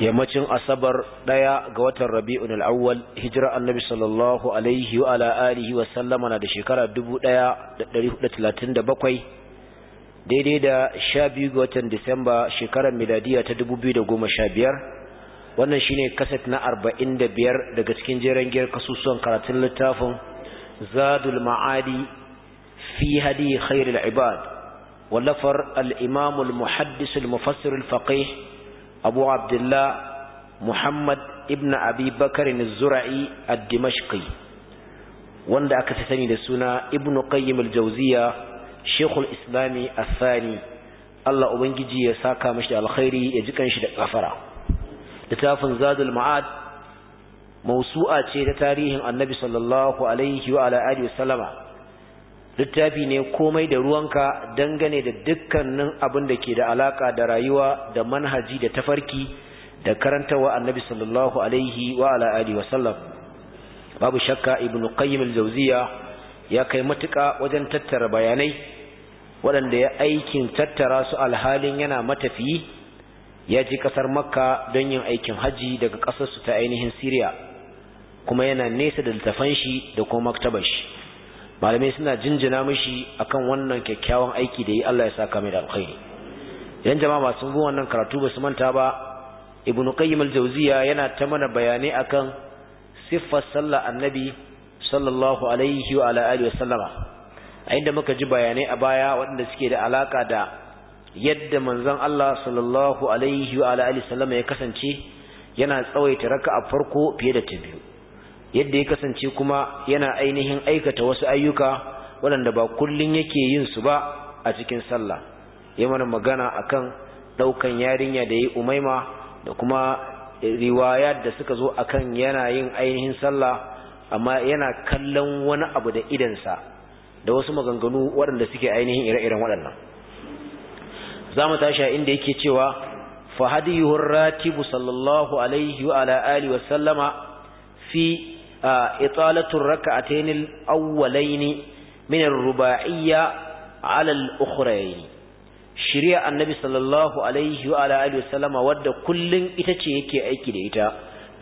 yammacin asabar ɗaya ga watan rabi'un al'awwal hijira annabi sallallahu alaihi wa ala wa sallama na da shekara 1437 daidai da 12 ga watan disamba shekarar miladiya ta 2015 wannan shine kaset na 45 daga cikin jeren giyar kasusuwan karatun littafin zadul ma'adi fi hadi khairul ibad wallafar al-imam al-muhaddis al-mufassir al-faqih abu abdullah muhammad ibn abi bakarin zura'i a dimashqi wanda aka fi da suna ibnu qayyim al-jawziya shekul islami asani allah ubangiji ya saka mashi alkhairi ya ji kanshi da kafara littafin zadul ma'ad mausu'a ce ta tarihin annabi sallallahu alaihi wa ala littafi ne komai da ruwanka dangane da dukkanin abin da ke da alaka da rayuwa da manhaji da tafarki da karantawa annabi sallallahu alaihi wa ala alihi wa sallam babu shakka ibnu qayyim al-jawziya ya kai matuka wajen tattara bayanai waɗanda ya aikin tattara su alhalin yana matafiyi ya ji kasar makka don yin aikin haji daga ƙasarsu ta ainihin siriya kuma yana nesa da littafan da kuma maktabar shi malamai suna jinjina mishi akan wannan kyakkyawan aiki da yi Allah ya saka mai da alkhairi idan jama'a masu bin wannan karatu ba su manta ba ibn qayyim al-jawziya yana ta mana bayanai akan siffar sallar annabi sallallahu alaihi wa ala alihi sallama a inda muka ji bayanai a baya waɗanda suke da alaka da yadda manzon Allah sallallahu alaihi wa ala alihi sallama ya kasance yana tsawaita raka'a farko fiye da ta biyu yadda ya kasance kuma yana ainihin aikata wasu ayyuka waɗanda ba kullum yake yin su ba a cikin sallah ya mana magana akan ɗaukan yarinya da ya umaima da kuma riwayat da suka zo akan yana yin ainihin sallah amma yana kallon wani abu da idansa da wasu maganganu waɗanda suke ainihin ire-iren waɗannan za mu tashi a inda yake cewa fahadiyuhur ratibu sallallahu alaihi wa ala wa sallama fi italatul raka'atayn al-awwalayn min ar-ruba'iyya 'ala al-ukhrayn shari'a annabi sallallahu alaihi wa ala alihi wasallama wadda kullum ita ce yake aiki da ita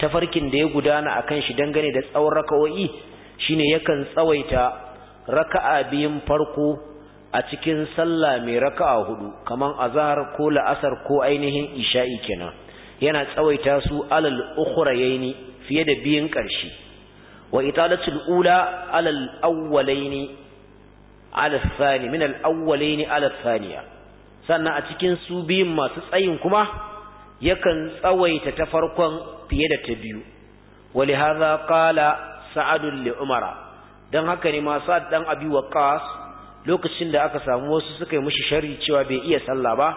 tafarkin da ya gudana a kan shi dangane da tsawon raka'o'i shine yakan tsawaita raka'a biyun farko a cikin sallah mai raka'a hudu kaman azhar ko la'asar ko ainihin isha'i kenan yana tsawaita su alal ukhrayaini fiye da biyun ƙarshe wa italatul ula ala al-awwalaini ala al-thani min al-awwalaini ala al-thaniya sannan a cikin su biyun masu tsayin kuma yakan tsawaita ta farkon fiye da ta biyu ولهذا قال سعد لعمر dan haka ne ma sa'ad dan abi waqas lokacin da aka samu wasu suka yi mushi sharri cewa bai iya sallah ba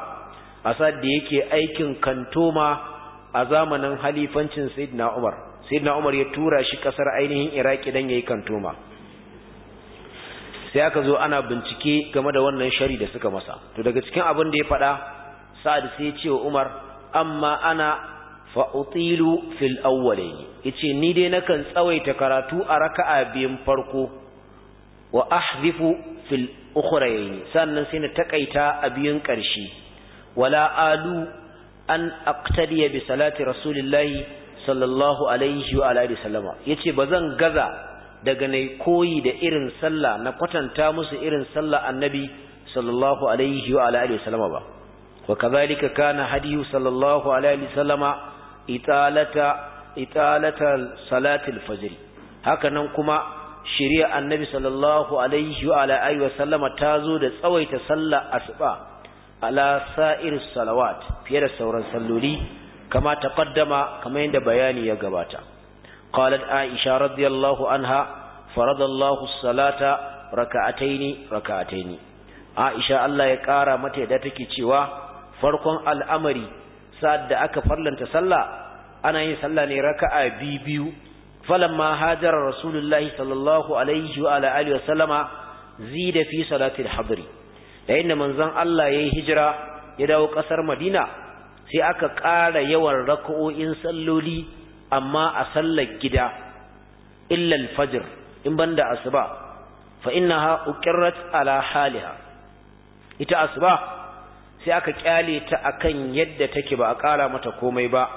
a sa'ad da yake aikin kantoma a zamanin halifancin sayyidina umar na umar ya tura shi kasar ainihin iraki ya yi kantoma sai aka zo ana bincike game da wannan shari da suka masa to daga cikin abin da ya faɗa sa'ad sai ce wa umar amma ana fa'utilu fil Ya ce ni dai nakan tsawaita karatu a raka a biyun farko wa ahzifu fil ukhrayn sannan sai na takaita a biyun ƙarshe wala alu an aqtadiya bi salati rasulillahi sallallahu alaihi wa alihi sallama yace bazan gaza daga nay koyi da irin sallah na kwatanta musu irin sallah annabi sallallahu alaihi wa alihi sallama ba wa kadhalika kana hadiyu sallallahu alaihi sallama italata italata salatil fajr haka nan kuma shari'a annabi sallallahu alaihi wa alihi wa ta zo da tsawaita sallah asuba ala sa'ir salawat fiye da sauran salloli kama taqaddama kama yadda bayani ya gabata qalat aisha radiyallahu anha faradallahu salata raka'ataini raka'ataini aisha Allah ya kara mata da take cewa farkon al'amari sa'ad da aka farlanta sallah ana yin sallah ne raka'a biyu falamma hajara rasulullahi sallallahu alaihi wa ala alihi wa sallama zida fi salatil hadri da inda manzon Allah yayi hijira ya dawo kasar Madina sai aka ƙara yawan raka'o'in salloli amma a sallar gida illa al-fajr in banda asuba fa innaha uqirrat ala haliha ita asuba sai aka kyale ta akan yadda take ba a ƙara mata komai ba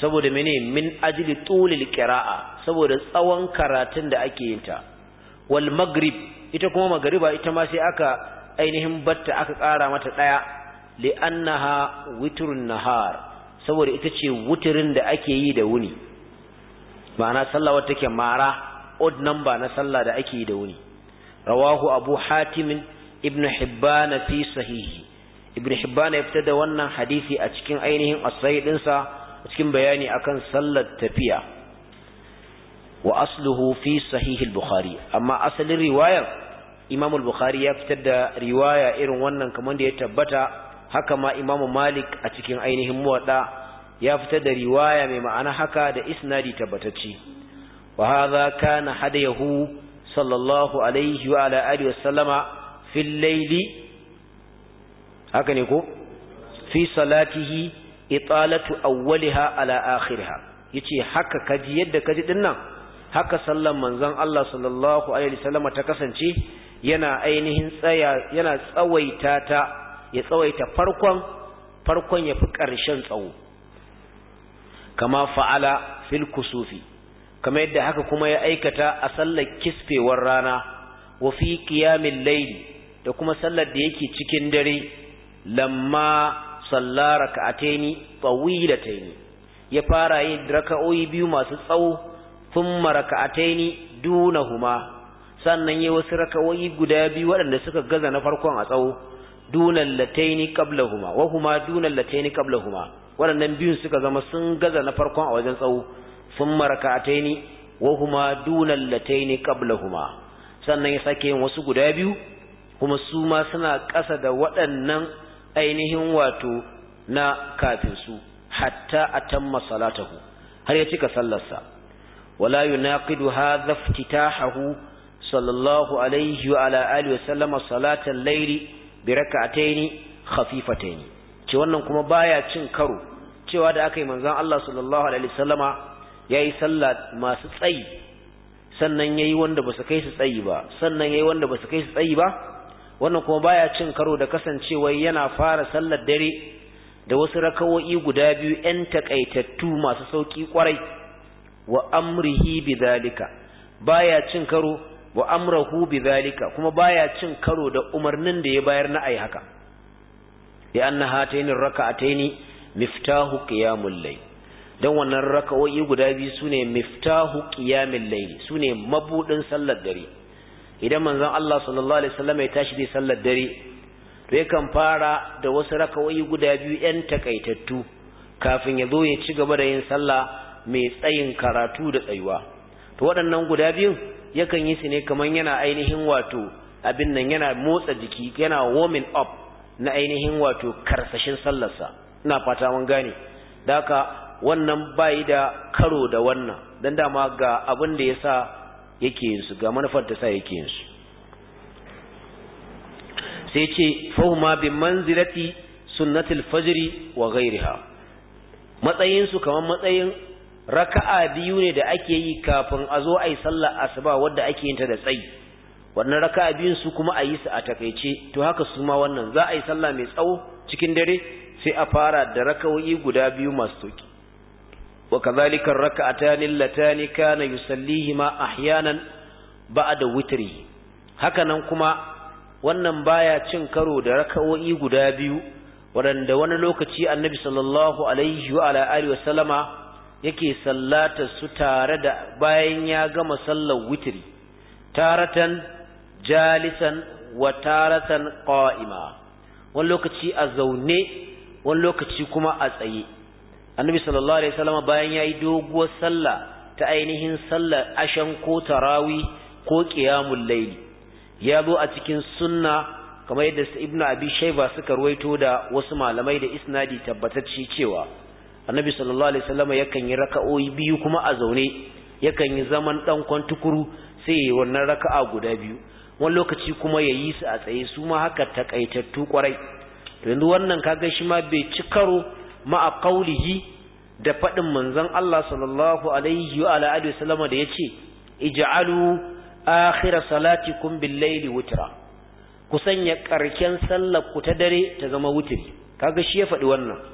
saboda mene min ajli tulil qira'a saboda tsawon karatun da ake yin ta wal maghrib ita kuma magriba ita ma sai aka ainihin batta aka ƙara mata ɗaya. li'annaha witrun nahar saboda ita ce wuturin da ake yi da wuni ma'ana sallah wata take mara odd number na sallah da ake yi da wuni rawahu abu hatim ibn hibban fi sahihi ibn hibban ya fitar da wannan hadisi a cikin ainihin as-sahih dinsa cikin bayani akan sallar tafiya wa asluhu fi sahih al-bukhari amma asalin riwayar imam al-bukhari ya fitar da riwaya irin wannan kamar da ya tabbata haka ma Imam Malik a cikin ainihin muwaɗa ya fitar da riwaya mai ma'ana haka da isnadi tabbatacce wa hadha kana hadayahu sallallahu alaihi wa ala alihi wasallama fil layli haka ne ko fi salatihi italatu awwaliha ala akhiriha yace haka kaji yadda kaji dinnan haka sallan manzon Allah sallallahu alaihi wasallama ta kasance yana ainihin tsaya yana tsawaita ta ya tsawaita farkon farkon ya fi ƙarshen tsawo kama fa'ala fil kusufi kama yadda haka kuma ya aikata a sallar kisfewar rana wa fi qiyamil layli da kuma sallar da yake cikin dare lamma salla raka'ataini taini. ya fara yin raka'o'i biyu masu tsawo thumma taini dunahuma sannan yayi wasu raka'o'i guda biyu waɗanda suka gaza na farkon a tsawo dunan lataini qablahuma wa huma dunan lataini qablahuma waɗannan biyun suka zama sun gaza na farkon a wajen tsawo sun maraka ataini wa huma dunan lataini qablahuma sannan ya sake yin wasu guda biyu kuma su ma suna ƙasa da waɗannan ainihin wato na kafin su hatta tamma salatahu har ya cika sallarsa wala yunaqidu hadha iftitahahu sallallahu alaihi wa ala alihi wa sallama salatan layli bi rak'ataini khafifataini ce wannan kuma baya cin karo cewa da aka yi manzon Allah sallallahu alaihi wasallama yayi sallah masu tsayi sannan yayi wanda ba su kai su tsayi ba sannan yayi wanda ba su kai su tsayi ba wannan kuma baya cin karo da kasancewa yana fara sallar dare da wasu rakawo'i guda biyu yan takaitattu masu sauki kwarai wa amrihi zalika. baya cin karo wa amrahu zalika kuma baya cin karo da umarnin da ya bayar na ai haka ya anna hatayn rak'atayn miftahu qiyamul layl dan wannan raka'o'i guda biyu sune miftahu qiyamul layl sune mabudin sallar dare idan manzon Allah sallallahu alaihi wasallam ya tashi bi sallar dare to yakan fara da wasu raka'o'i guda biyu yan takaitattu kafin ya zo ya ci gaba da yin sallah mai tsayin karatu da tsayuwa to waɗannan guda biyu yakan yi su ne kamar yana ainihin wato abin nan yana motsa jiki yana warming up na ainihin wato karsashin sallarsa ina fata mun gane da haka wannan bayi da karo da wannan don dama ga abin da ya yasa yake yin su ga manufar da sa yake yin su sai ce fahuma bi manzilati sunnatul wa ghairiha matsayin su kamar matsayin raka'a biyu ne da ake yi kafin a zo a yi sallar asuba wadda ake yin ta da tsayi wannan raka'a biyun su kuma a yi su a takaice to haka su ma wannan za a yi sallah mai tsawo cikin dare sai a fara da raka'o'i guda biyu masu toki wa kazalika raka'atan allatani kana yusallihima ahyanan ba'da witri haka nan kuma wannan baya cin karo da raka'o'i guda biyu wanda wani lokaci annabi sallallahu alaihi wa ala alihi wa sallama yake sallata su tare da bayan ya gama sallar witri taratan jalisan wa taratan qa'ima wani lokaci a zaune wani lokaci kuma a tsaye annabi sallallahu alaihi wasallam bayan yayi doguwar sallah ta ainihin sallar ashan ko tarawi ko qiyamul layl ya zo a cikin sunna kamar yadda ibnu abi shayba suka ruwaito da wasu malamai da isnadi tabbatacce cewa annabi sallallahu alaihi wasallam yakan yi raka'o'i biyu kuma a zaune yakan yi zaman dan kwantukuru sai yayi wannan raka'a guda biyu wani lokaci kuma yayi su a tsaye su ma haka takaitattu kwarai to yanzu wannan kaga shi ma bai ci karo ma a qaulihi da fadin manzon Allah sallallahu alaihi wa ala alihi wasallam da yace ij'alu akhir salatikum bil-laili wutra ku sanya karken sallar ku ta dare ta zama wutri kaga shi ya faɗi wannan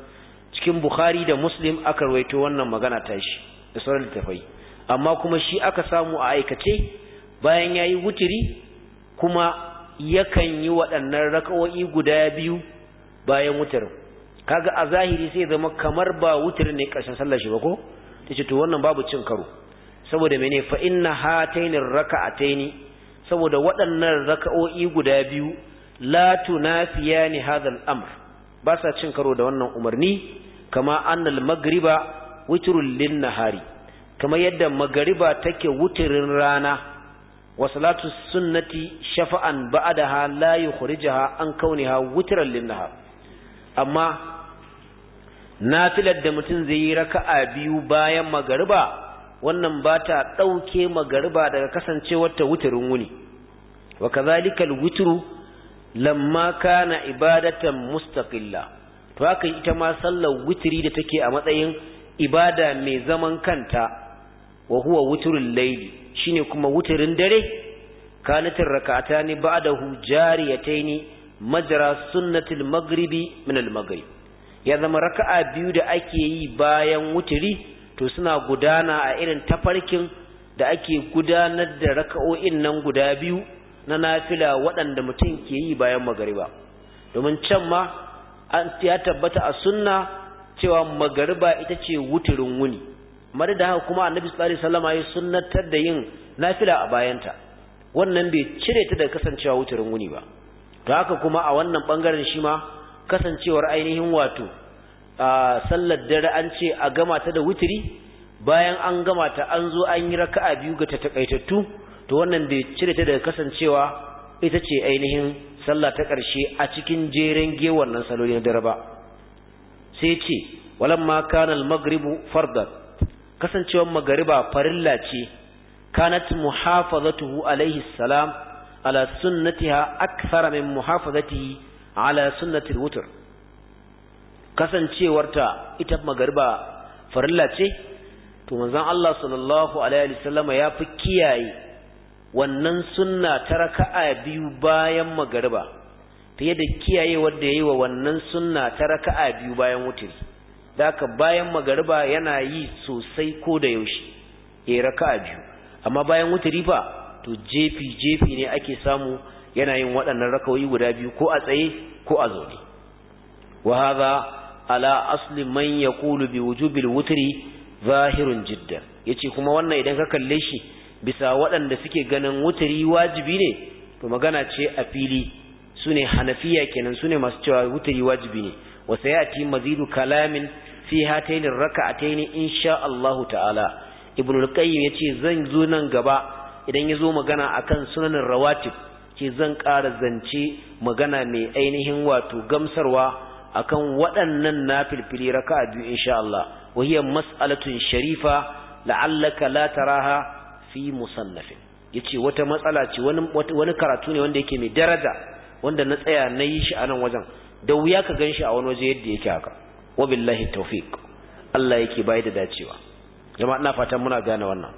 cikin bukhari da muslim aka rawaito wannan magana ta shi da sauran amma kuma shi aka samu a aikace bayan yayi wutiri kuma yakan yi waɗannan raka'o'i guda biyu bayan wutirin kaga a zahiri sai zama kamar ba wutar ne ƙarshen sallar shi ba ko tace to wannan babu cin karo saboda mene fa inna hataini raka'ataini saboda waɗannan raka'o'i guda biyu la tunafiyani hadal amr ba sa cin karo da wannan umarni kama annal magriba witrul lin nahari kama yadda magriba take wutirin rana wa salatu sunnati shafa'an ba'daha la yukhrijaha an kauniha witran lin nahar amma nafilar da mutum zai yi raka'a biyu bayan magariba wannan ba ta ɗauke magariba daga kasancewarta wuturin wuni wa kazalikal wuturu lamma kana ibadatan mustaqilla to haka ita ma sallar witri da take a matsayin ibada mai zaman kanta wa huwa wutrul layli shine kuma wuturin dare kanatir rak'atani ba'dahu jariyataini majra sunnatul maghribi min al maghrib ya zama raka'a biyu da ake yi bayan wuturi to suna gudana a irin tafarkin da ake gudanar da raka'o'in nan guda biyu na nafila waɗanda mutum ke yi bayan magariba domin can ma an ya tabbata a sunna cewa magariba ita ce wuturin wuni mare da haka kuma annabi sallallahu alaihi wasallam ya sunnatar da yin nafila a bayanta wannan bai cire ta daga kasancewa wuturin wuni ba to haka kuma a wannan bangaren shi ma kasancewar ainihin wato a sallar dare an ce a gama ta da wuturi bayan an gama ta an zo an yi raka'a biyu ga ta takaitattu to wannan bai cire ta daga kasancewa ita ce ainihin sallah ta ƙarshe a cikin jeren gewan nan saloli na dare ba sai ce walan kana al-maghribu fardan kasancewar magariba farilla ce kanat muhafazatuhu alaihi salam ala sunnatiha akthara min muhafazatihi ala sunnatil wutr kasancewarta ita magariba farilla ce to manzon Allah sallallahu alaihi wasallama ya fi kiyaye wannan sunna ta raka'a biyu bayan magariba fiye da kiyaye wanda yayi wa wannan sunna ta raka'a biyu bayan wutiri daka bayan magariba yana yi sosai ko da yaushe eh raka'a biyu amma bayan wutiri fa to jefi jefi ne ake samu yana yin waɗannan rakawoyi guda biyu ko a tsaye ko a zaune wa hadha ala asli man yaqulu bi wujubil wutri zahirun jiddan yace kuma wannan idan ka kalle shi bisa waɗanda suke ganin wuturi wajibi ne to magana ce a fili su ne hanafiya kenan su ne masu cewa wuturi wajibi ne ya ci mazidu kalamin fi hatayn in sha Allah ta'ala ibn al ya ce zan zo nan gaba idan ya zo magana akan sunanin rawatib ce zan ƙara zance magana mai ainihin wato gamsarwa akan waɗannan na raka'a biyu insha Allah wa mas'alatun sharifa la'allaka la fi musannafin yace wata matsala ce wani wani karatu ne wanda yake mai daraja wanda na tsaya na yi shi a nan wajen da wuya ka ganshi a wani waje yadda yake haka wabillahi tawfiq Allah yake bai da dacewa jama'a ina fatan muna gane wannan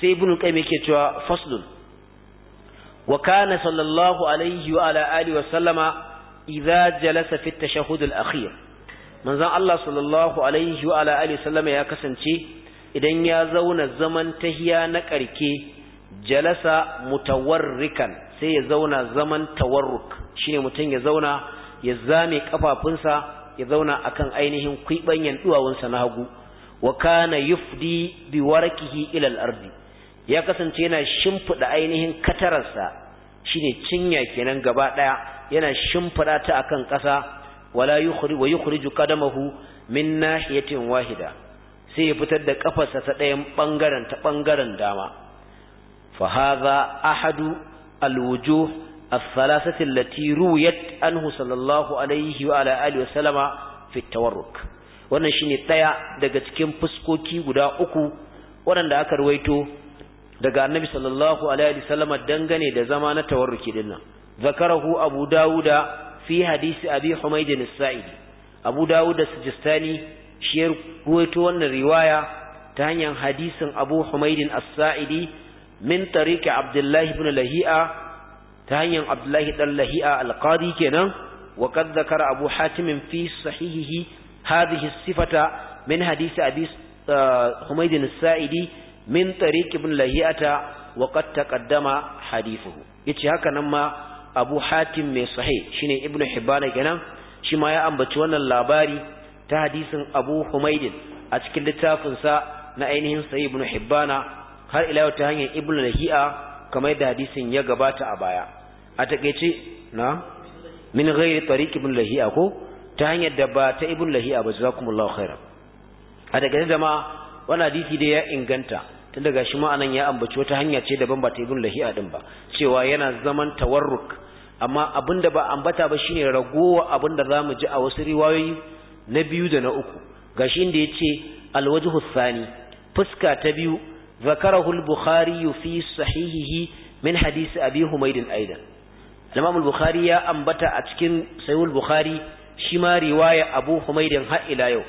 sai ibnu qayyim yake cewa faslun wa kana sallallahu alaihi wa ala alihi wa sallama idza jalasa fi at-tashahhud al-akhir manzon Allah sallallahu alaihi wa ala alihi sallama ya kasance idan ya zauna zaman tahiya na karke jalasa mutawarrikan sai ya zauna zaman tawarruk shine mutum ya zauna ya zame kafafunsa ya zauna akan ainihin kwibanyan duwawunsa na hagu wa kana yufdi bi warqihi ila al-ardi ya kasance yana shimfida ainihin katararsa shine cinya kenan gaba daya yana shimfida ta akan kasa wala yukhri wa yukhriju qadamahu min nahiyatin wahida sai ya fitar da kafarsa ta ɗayan ɓangaren ta ɓangaren dama fa hadha ahadu alwujuh الثلاثة latiru رويت عنه صلى الله عليه وعلى wa وسلم في التورك wannan shine ɗaya daga cikin fuskoki guda uku waɗanda aka ruwaito daga annabi sallallahu alaihi wasallam dangane da zama na tawarruki nan. zakarahu abu dawuda fi hadisi abi humayd da saidi abu dawuda sijistani shi ya ruwaito wannan riwaya ta hanyar hadisin Abu Humaydin As-Sa'idi min tariqi Abdullahi ibn Lahi'a ta hanyar Abdullahi dan Lahi'a al-Qadi kenan wa qad dhakara Abu Hatim fi sahihihi hadhihi sifata min hadisi Abi uh, Humaydin As-Sa'idi min tariqi ibn Lahi'ata wa qad taqaddama hadithuhu yace haka nan ma Abu Hatim mai sahih shine Ibn Hibban kenan shi ma ya ambaci wannan labari ta hadisin Abu Humaydin a cikin littafin sa na ainihin sayi Ibn Hibbana har ila yau ta hanyar Ibn Lahi'a kamar da hadisin ya gabata a baya a takeice na min ghairi tariq Ibn Lahi'a ko ta hanyar da ba ta Ibn Lahi'a ba jazakumullahu khairan a daga jama'a wannan hadisi dai ya inganta tun daga shi anan ya ambaci wata hanya ce daban ba ta Ibn Lahi'a din ba cewa yana zaman tawarruk amma abinda ba ambata ba shine ragowa abinda zamu ji a wasu riwayoyi na biyu da na uku gashi inda yace alwajhu thani fuska ta biyu zakarahu bukhari fi sahihihi min hadisi abi humayd aidan al bukhari ya ambata a cikin sahih bukhari shi ma riwaya abu humaidin har ila yau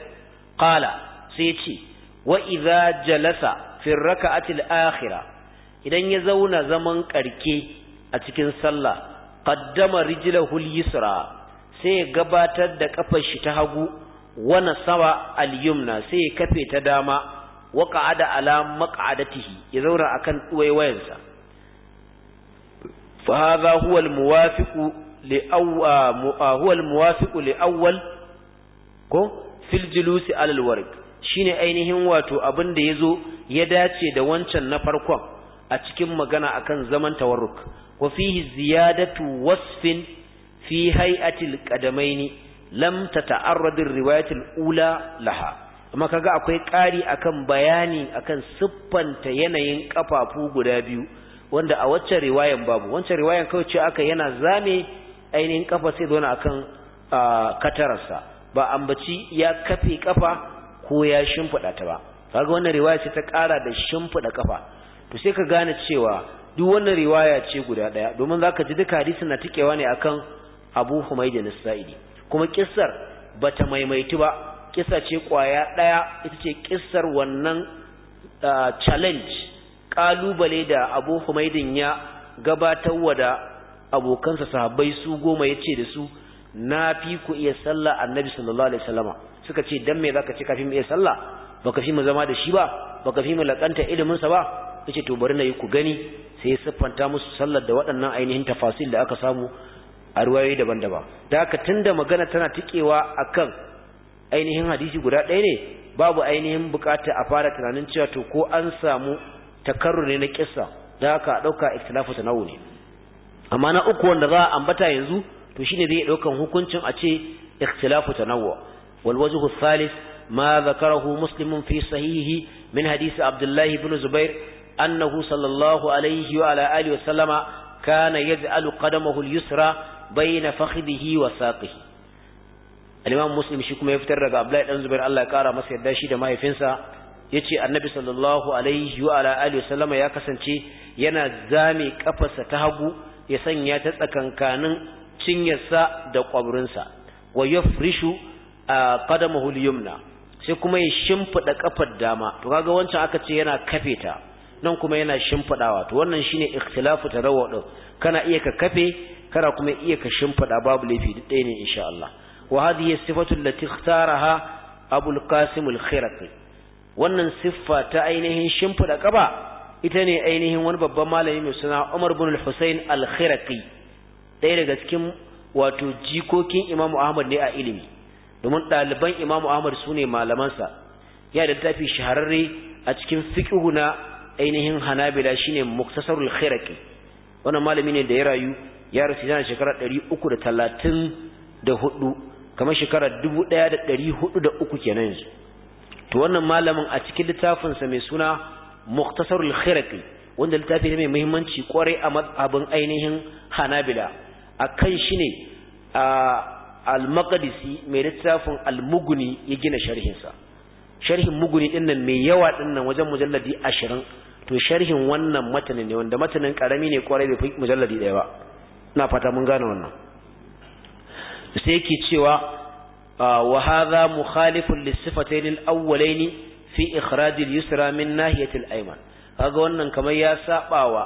kala sai yace wa idza jalasa fi rak'ati al akhira? idan ya zauna zaman karke a cikin sallah qaddama rijlahu yusra sai ya gabatar da kafar shi ta hagu Wani sawa al’yumna sai ya kafe ta dama wa qa'ada ala maq'adatihi ya zaura akan kan fa hadha huwa al li awwa huwa ko fil julusi ala al shine ainihin wato abin da ya zo ya dace da wancan na farkon a cikin magana akan zaman tawarruk wa fihi ziyadatu wasfin fi hay'atil qadamaini lam ta ar-riwayat ula laha amma kaga akwai ƙari akan bayani akan siffanta yanayin kafafu guda biyu wanda a waccan riwayan babu waccan riwayan kawai ce aka yana zame ainihin kafa sai zauna akan katararsa ba ambaci ya kafe kafa ko ya shimfiɗa ta ba kaga wannan riwaya ce ta ƙara da shimfiɗa kafa to sai ka gane cewa duk wannan riwaya ce guda ɗaya domin zaka ji duka hadisi na tikewa ne akan Abu Humaydin saidi kuma kissar ba ta maimaitu ba kissa ce kwaya ɗaya, ita ce kissar wannan challenge ƙalubale da Abu humaidin ya gabatarwa da abokansa sahabbai su goma ya ce da su na fi ku iya sallah annabi sallallahu alaihi wasallama suka ce dan me zaka ce kafi mu iya sallah baka fi mu zama da shi ba baka fi mu lakanta ilimin sa ba yace to bari na yi ku gani sai ya siffanta musu sallar da waɗannan ainihin tafasil da aka samu a ruwayoyi daban-daban da haka da magana tana tikewa a kan ainihin hadisi guda ɗaya ne babu ainihin bukata a fara tunanin cewa to ko an samu takarru ne na kisa da haka a ɗauka ta nawa ne amma na uku wanda za a ambata yanzu to shine zai ɗaukan hukuncin a ce ikhtilafu tanawu wal wajhu thalith ma zakarahu muslimun fi sahihi min hadisi abdullahi ibn zubair annahu sallallahu alaihi wa ala alihi wa sallama kana yaj'alu qadamahu al-yusra baina fakhdihi wa saqihi al-imam muslim shi kuma ya fitar daga abdullahi dan zubair Allah ya kara masa yadda shi da mahaifinsa yace annabi sallallahu alaihi wa ala alihi wasallama ya kasance yana zame kafarsa ta hagu ya sanya ta tsakankanin cinyarsa da kwabrinsa wa yafrishu qadamahu al-yumna sai kuma ya shimfida kafar dama to kaga wancan aka ce yana kafe ta nan kuma yana shimfidawa to wannan shine ikhtilafu tarawwu kana iya ka kafe Kada kuma iya ka shimfida babu laifi duk ɗaya ne insha Allah wa hadhihi sifatu allati ikhtaraha Abu qasim al-Khiraqi wannan siffa ta ainihin shimfida kaba ita ne ainihin wani babban malami mai suna Umar ibn al-Husayn al-Khiraqi ɗaya daga cikin wato jikokin Imam Ahmad ne a ilimi domin ɗaliban Imam Ahmad sune malamansa ya da tafi shahararre a cikin fiqhu na ainihin Hanabila shine Muktasarul Khiraqi wannan malami ne da ya rayu ya rasu yana shekara ɗari uku da talatin da hudu kamar shekara dubu ɗaya da ɗari hudu da uku kenan yanzu to wannan malamin a cikin littafinsa mai suna muktasarul khiraqi wanda littafi ne mai muhimmanci kwarai a abin ainihin hanabila a kan shi ne al-maqdisi mai littafin almuguni ya gina sharhinsa sharhin muguni din nan mai yawa din nan wajen mujalladi ashirin to sharhin wannan matanin ne wanda matanin karami ne kwarai bai fi mujalladi ɗaya ba na fata mun gane wannan sai ke cewa ah, wa hadha mukhalifun lis-sifatayn al-awwalayn fi ikhraj al-yusra min nahiyati al-ayman kaga wannan kamar ya sabawa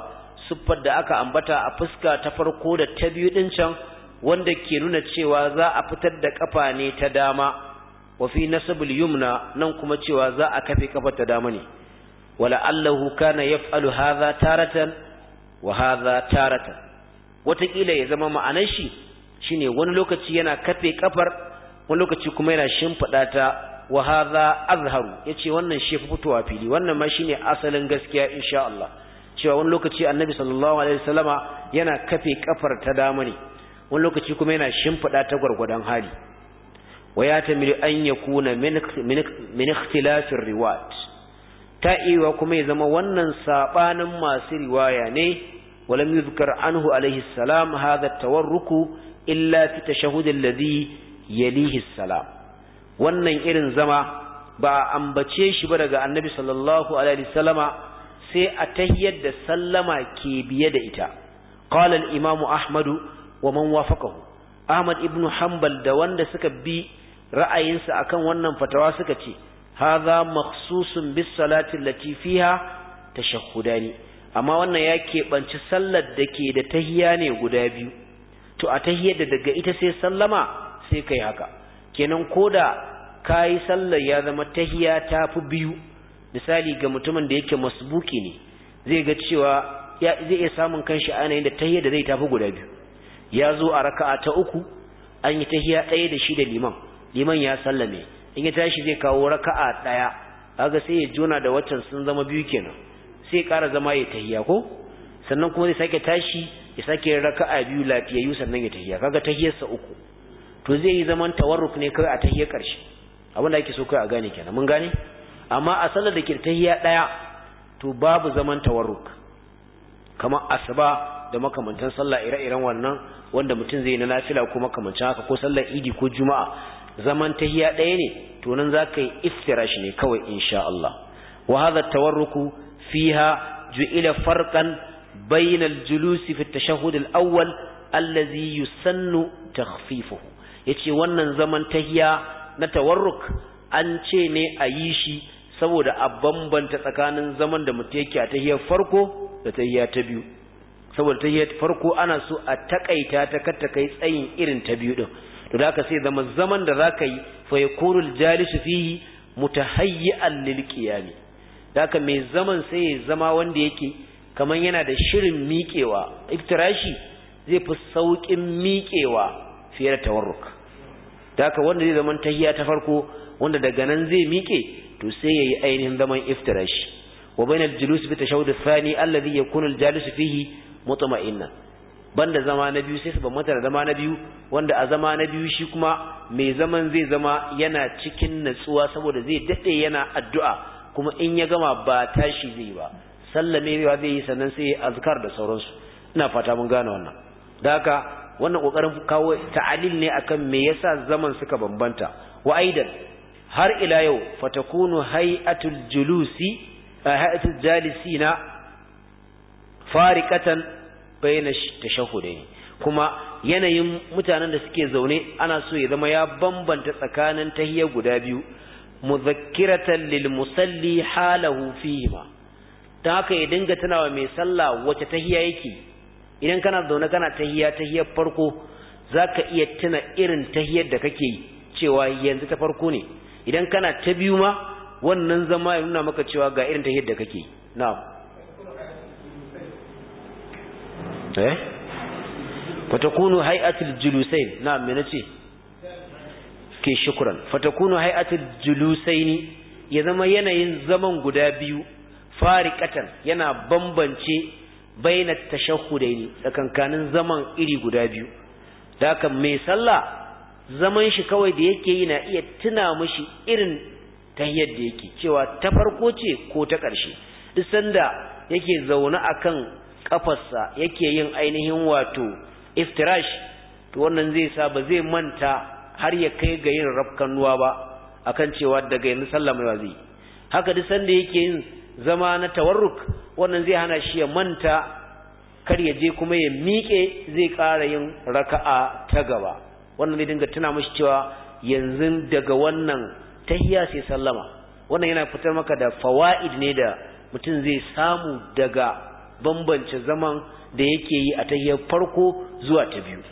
siffar da aka ambata a fuska ta farko da ta biyu din can wanda ke nuna cewa za a fitar da kafa ne ta dama wa fi nasbul yumna nan kuma cewa za a kafe kafar ta dama ne wala allahu kana yaf'alu hadha taratan wa hadha taratan watakila ya zama ma'anar shi shine wani lokaci yana kafe kafar wani lokaci kuma yana shimfiɗa ta wa hadha azharu yace wannan shi fi fitowa fili wannan ma shine asalin gaskiya insha Allah cewa wani lokaci annabi sallallahu alaihi wasallama yana kafe kafar ta dama ne wani lokaci kuma yana shimfiɗa ta gwargwadon hali wa ya tamiru an yakuna min ikhtilafir riwayat ta kuma ya zama wannan sabanin masu riwaya ne ولم يذكر عنه عليه السلام هذا التورك إلا في التشهد الذي يليه السلام wannan irin zama ba a ambace shi ba daga annabi sallallahu alaihi sai a tahi da sallama ke biye da ita qala al imam ahmad wa man wafaqahu ahmad ibn hanbal da wanda suka bi ra'ayinsa akan wannan fatawa suka ce hadha makhsusun bis salati allati fiha tashahhudani amma wannan ya keɓanci sallar da ke da tahiya ne guda biyu to a tahiyar da daga ita sai sallama sai kai haka kenan koda ka yi sallar ya zama tahiya ta fi biyu misali ga mutumin da yake masbuki ne zai ga cewa zai iya samun kanshi a yanayin da tahiya da zai tafi guda biyu ya zo a raka'a ta uku an yi tahiya ɗaya da shi da liman liman ya sallame in ya tashi zai kawo raka'a ɗaya kaga sai ya jona da watan sun zama biyu kenan sai kara zama ya tahiya ko sannan kuma zai sake tashi ya sake raka'a biyu lafiyayyu sannan ya tahiya kaga tahiyarsa uku to zai yi zaman tawarruk ne kai a tahiyar ƙarshe abin da ake so kai a gane kenan mun gane amma a sallar da ke tahiya ɗaya to babu zaman tawarruk kamar asuba da makamantan sallah ire-iren wannan wanda mutum zai na nafila ko makamancin haka ko sallar idi ko juma'a zaman tahiya ɗaya ne to nan za ka yi iftirashi ne kawai insha Allah Wahazar hadha tawarruku fiha ju'ila farqan bayna al-julus fi at-tashahhud al-awwal allazi yusannu takhfifuhu yace wannan zaman tahiya na tawarruk an ce ne a yi shi saboda a bambanta tsakanin zaman da mutum yake a tahiyar farko da tahiya ta biyu saboda tahiyar farko ana so a taƙaita ta kar ta kai tsayin irin ta biyu din to da haka sai zama zaman da za ka yi fa yakunul mu ta mutahayyi'an lil ne. Daka mai zaman sai zama wanda yake kamar yana da shirin miƙewa iftirashi zai fi sauƙin miƙewa fiye da tawarruk daga wanda zai zama tahiya ta farko wanda daga nan zai miƙe to sai ya ainihin zaman iftirashi wa al julus bi tashawud athani alladhi yakunu al-jalisu fihi mutma'inna banda zama na biyu sai su bambanta da zama na biyu wanda a zama na biyu shi kuma mai zaman zai zama yana cikin natsuwa saboda zai dade yana addu'a kuma in ya gama ba tashi zai ba sallame ba zai yi sannan sai ya azkar da sauransu ina fata mun gane wannan da haka wannan kokarin kawo ta'alil ne akan me yasa zaman suka bambanta wa aidan har ila yau fatakunu hay'atul julusi eh, hay'atul jalisina fariqatan bayna tashahhudain kuma yanayin mutanen da suke zaune ana so ya zama ya bambanta tsakanin tahiyya guda biyu muzakkiratan lil musalli halahu fihima ta haka ya dinga tunawa mai sallah wace tahiya yake idan kana zaune kana tahiya tahiyar farko zaka iya tuna irin tahiyar da kake cewa yanzu ta farko ne idan kana ta biyu ma wannan zama ya nuna maka cewa ga irin tahiyar da kake na'am eh takunu hay'atul julusain na'am me nace ke shukuran fatakunu hay'atul julusaini ya zama yanayin zaman guda biyu fariqatan yana bambance bainat tashahhudaini tsakankanin zaman iri guda biyu dakan mai sallah zaman shi kawai da yake yi na iya tuna mishi irin tahiyyar da yake cewa ta farko ce ko ta ƙarshe duk sanda yake zaune akan kafarsa yake yin ainihin wato iftirash to wannan zai sa ba zai manta har ya kai ga yin rafkanuwa ba akan cewa daga yanzu sallah mai wazi haka duk sanda yake yin zama na tawarruk wannan zai hana shi ya manta kar ya je kuma ya miƙe zai ƙara yin raka'a ta gaba wannan zai dinga tuna mashi cewa yanzu daga wannan tahiya sai sallama wannan yana fitar maka da fawaid ne da mutum zai samu daga bambance zaman da yake yi a tahiyar farko zuwa ta biyu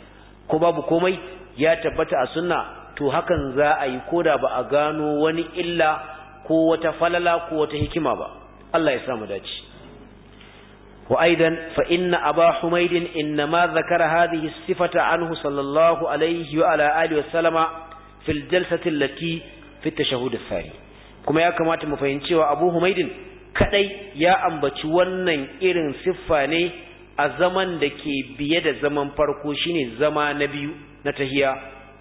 ko babu komai ya tabbata a sunna to hakan za a yi ko da ba a gano wani illa ko wata falala ko wata hikima ba Allah ya samu dace wa aidan fa inna aba humaid inna ma zakara hadhihi sifata anhu sallallahu alaihi wa ala alihi wa sallama fil jalsati allati fi tashahhud athani kuma ya kamata mu fahimci abu humaid kaɗai ya ambaci wannan irin siffa ne a da ke biye da zaman farko shine zama na biyu na tahiya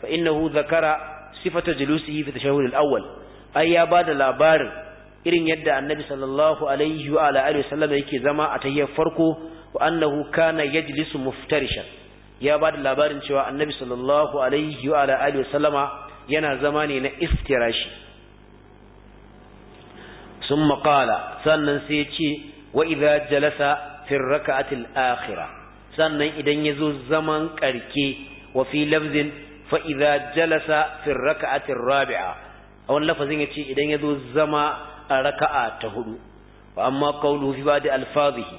fa innahu zakara sifata julusihi fi tashahhud al-awwal ai ya bada labarin irin yadda annabi sallallahu alaihi wa ala alihi sallama yake zama a tahiyar farko wa annahu kana yajlisu muftarishan ya bada labarin cewa annabi sallallahu alaihi wa ala alihi yana zama ne na iftirashi ثم قال sannan sai ya ce wa idza jalasa fi raka'atil akhirah sannan idan yazo zaman karke wa fi lafzin fa idza jalasa fi rak'ati rabi'a a wannan lafazin yace idan yazo zama a raka'a ta hudu wa amma qawluhu ba da alfazihi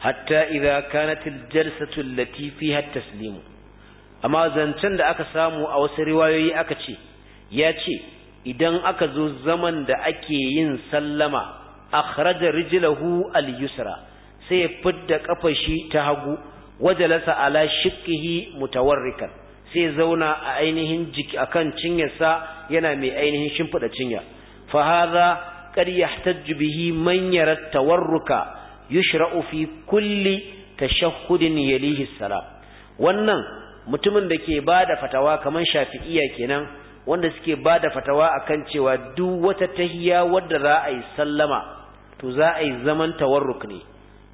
hatta idza kanat aljalsatu allati fiha at-taslim amma zancen da aka samu a wasu riwayoyi aka ce ya ce idan aka zo zaman da ake yin sallama akhraja rijlahu al-yusra sai ya fidda kafar shi ta hagu wajalasa ala shiqihi mutawarrikan sai zauna a ainihin jiki akan cinyarsa yana mai ainihin shimfida cinya fa hadha qad yahtajju bihi man yara tawarruka yushra'u fi kulli tashahhudin yalihi salam wannan mutumin da ke bada fatawa kaman shafi'iya kenan wanda suke bada fatawa akan cewa duk wata tahiyya wadda za a yi sallama to za a yi zaman tawarruk ne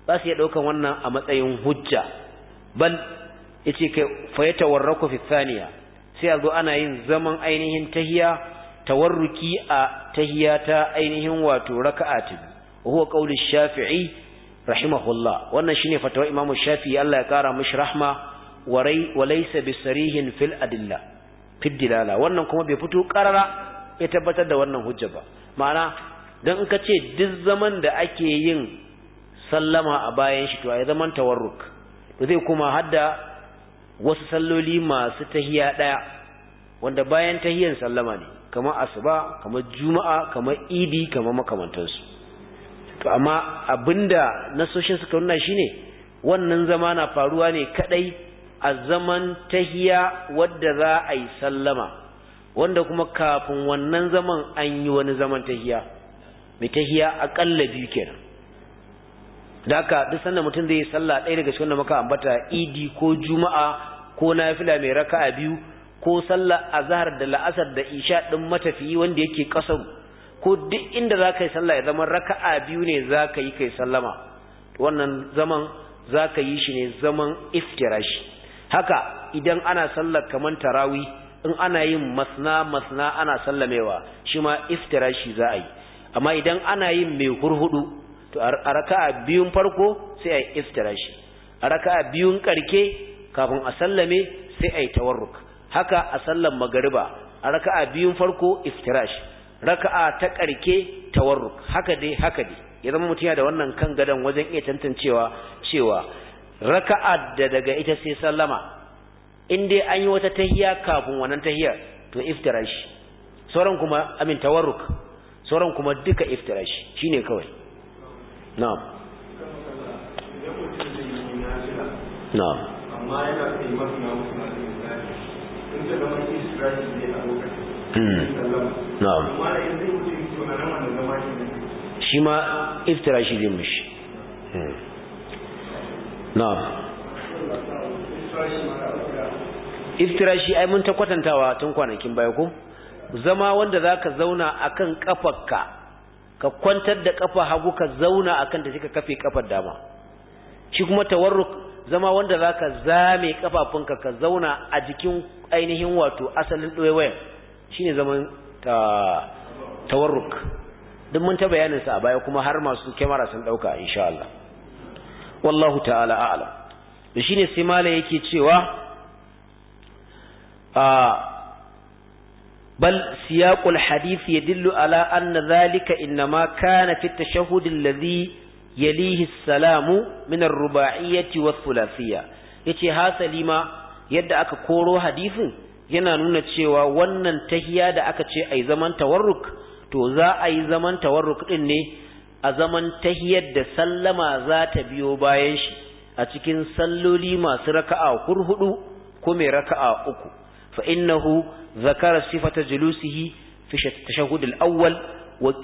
za su iya ɗaukan wannan a matsayin hujja bal yace kai fa ya yatawarraku fi thaniya sai azo ana yin zaman ainihin tahiya tawarruki a tahiya ta ainihin wato raka'a ta huwa qawli shafi'i rahimahullah wannan shine fatawa imamu shafi'i Allah ya kara mishi rahma warai walaysa bisarihin fil adilla fi dilala wannan kuma bai fito karara ya tabbatar da wannan hujja ba ma'ana dan in ka ce duk zaman da ake yin sallama a bayan shi to ai zaman tawarruk to zai kuma hadda wasu salloli masu tahiya ɗaya, wanda bayan tahiyan sallama ne kamar asuba kamar juma'a kamar idi kamar makamantansu to amma abinda nasoshin suka nuna shine wannan zama na faruwa ne kadai a zaman tahiya wadda za a yi sallama wanda kuma kafin wannan zaman an yi wani zaman tahiya mai tahiya akalla biyu kenan da ka duk sanda mutum zai yi sallah ɗaya daga cikin da muka ambata idi ko juma'a ko nafila mai raka'a biyu ko sallah azhar da la'asar da isha din matafiyi wanda yake kasaru ko duk inda za ka yi sallah ya zama raka'a biyu ne za ka yi kai sallama wannan zaman za ka yi shi ne zaman iftirashi haka idan ana sallar kamar tarawi in ana yin masna masna ana sallamewa shi ma iftirashi za a yi amma idan ana yin mai hurhudu to a raka'a biyun farko sai a iftirashi a raka'a biyun karke kafin a sallame sai a tawarruk haka a sallan magariba a raka'a biyun farko iftirashi raka'a ta karke tawarruk haka dai haka dai ya zama mutum da wannan kan gadan wajen iya tantancewa cewa raka'a da daga ita sai sallama in dai an yi wata tahiya kafin wannan tahiyar to iftirashi sauran kuma amin tawarruk sauran kuma duka iftirashi shine kawai na'am na'am amma yana kai mafi na wasu masu misali in ta zama isra'i ne a lokacin na'am amma da yanzu mutum yi tsoron wannan zama shi ne shi ma iftira shi zai mishi hmm. na'am iftira shi ai mun ta kwatantawa tun kwanakin baya ko zama wanda za ka zauna a akan kafarka ka kwantar da kafa hagu ka zauna akan da sai kafe kafar dama shi kuma tawarruk zama wanda zaka zame kafafunka ka zauna a jikin ainihin wato asalin doyewayen shine zaman ta tawarruk duk mun ta bayanin sa a baya kuma har masu kamera sun dauka insha Allah wallahu ta'ala a'lam shine sai mala yake cewa بل سياق الحديث يدل على أن ذلك إنما كان في التشهد الذي يليه السلام من الرباعية والثلاثية يتي هذا لما يدعى كورو حديث yana nuna cewa wannan tahiya da aka ce ayi zaman tawarruk to za a yi zaman tawarruk din ne a zaman tahiyar da sallama za ta biyo bayan shi a cikin salloli masu raka'a hurhudu ko mai raka'a uku fa innahu Zakarar sifata julusihi fi tashahhud al-awwal wa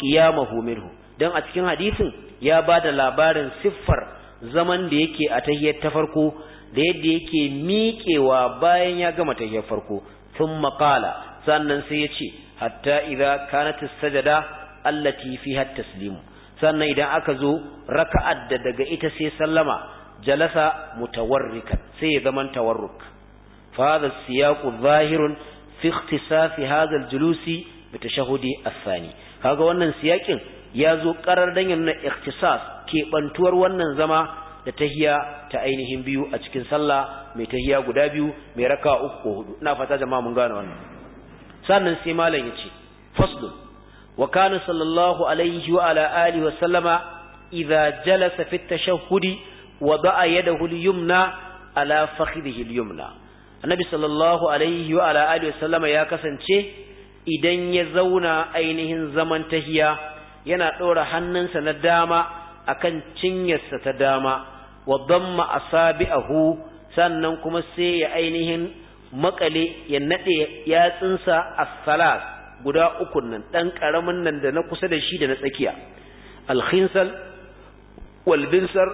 minhu dan a cikin hadisin ya bada labarin siffar zaman da yake a tahiyar ta farko da yadda yake miƙewa bayan ya gama tahiyyar farko thumma qala sannan sai ya ce hatta idza kanat as-sajada allati fiha at-taslimu sannan idan aka zo raka'ar da daga ita sai sallama jalasa mutawarrikan sai ya zaman tawarruk fa hadha siyaqu zahirun fi ikhtisafi hadha julusi bi tashahhudi athani kaga wannan siyakin ya zo karar dan yana ikhtisas ke bantuwar wannan zama da tahiya ta ainihin biyu a cikin sallah mai tahiya guda biyu mai raka uku ko hudu ina fata jama'a mun gane wannan sannan sai malam yace faslu wa kana sallallahu alaihi wa ala alihi wa sallama idza jalasa fi tashahhudi wada'a yadahu al-yumna ala fakhidhihi al-yumna annabi sallallahu alaihi wa ala alihi wasallama ya kasance idan ya zauna ainihin zaman tahiya yana ɗora hannunsa na dama akan cinyarsa ta dama wa damma asabi'ahu sannan kuma sai ya ainihin makale ya nade yatsunsa as-salas guda uku nan dan karamin nan da na kusa da shi da na tsakiya al-khinsal wal binsar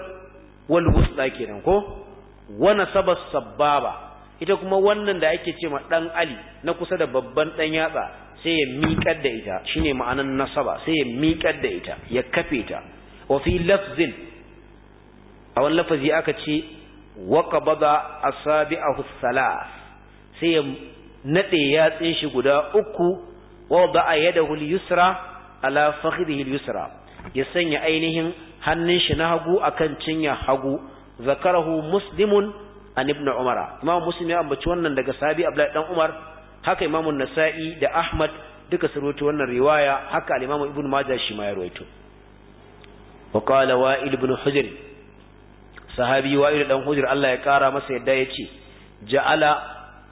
wal wusta kenan ko wa nasaba sababa ita kuma wannan da ake ce ma dan ali na kusa da babban dan yatsa sai ya miƙar da ita shine ma'anan nasaba sai ya miƙar da ita ya kafe ta wa fi lafzin a wani lafazi aka ce wa qabada asabi'ahu thalath sai ya nade yatsin shi guda uku wa da'a yadahu al-yusra ala fakhidhihi al-yusra ya sanya ainihin hannun shi na hagu akan cinya hagu zakarahu muslimun an ibn umara imam muslim ya ambaci wannan daga sabi abdullahi dan umar haka imam nasa'i da ahmad duka su rawaito wannan riwaya haka al-imam ibn majah shi ma ya rawaito wa qala wa'il ibn hujr sahabi wa'il dan hujr Allah ya kara masa yadda yace ja'ala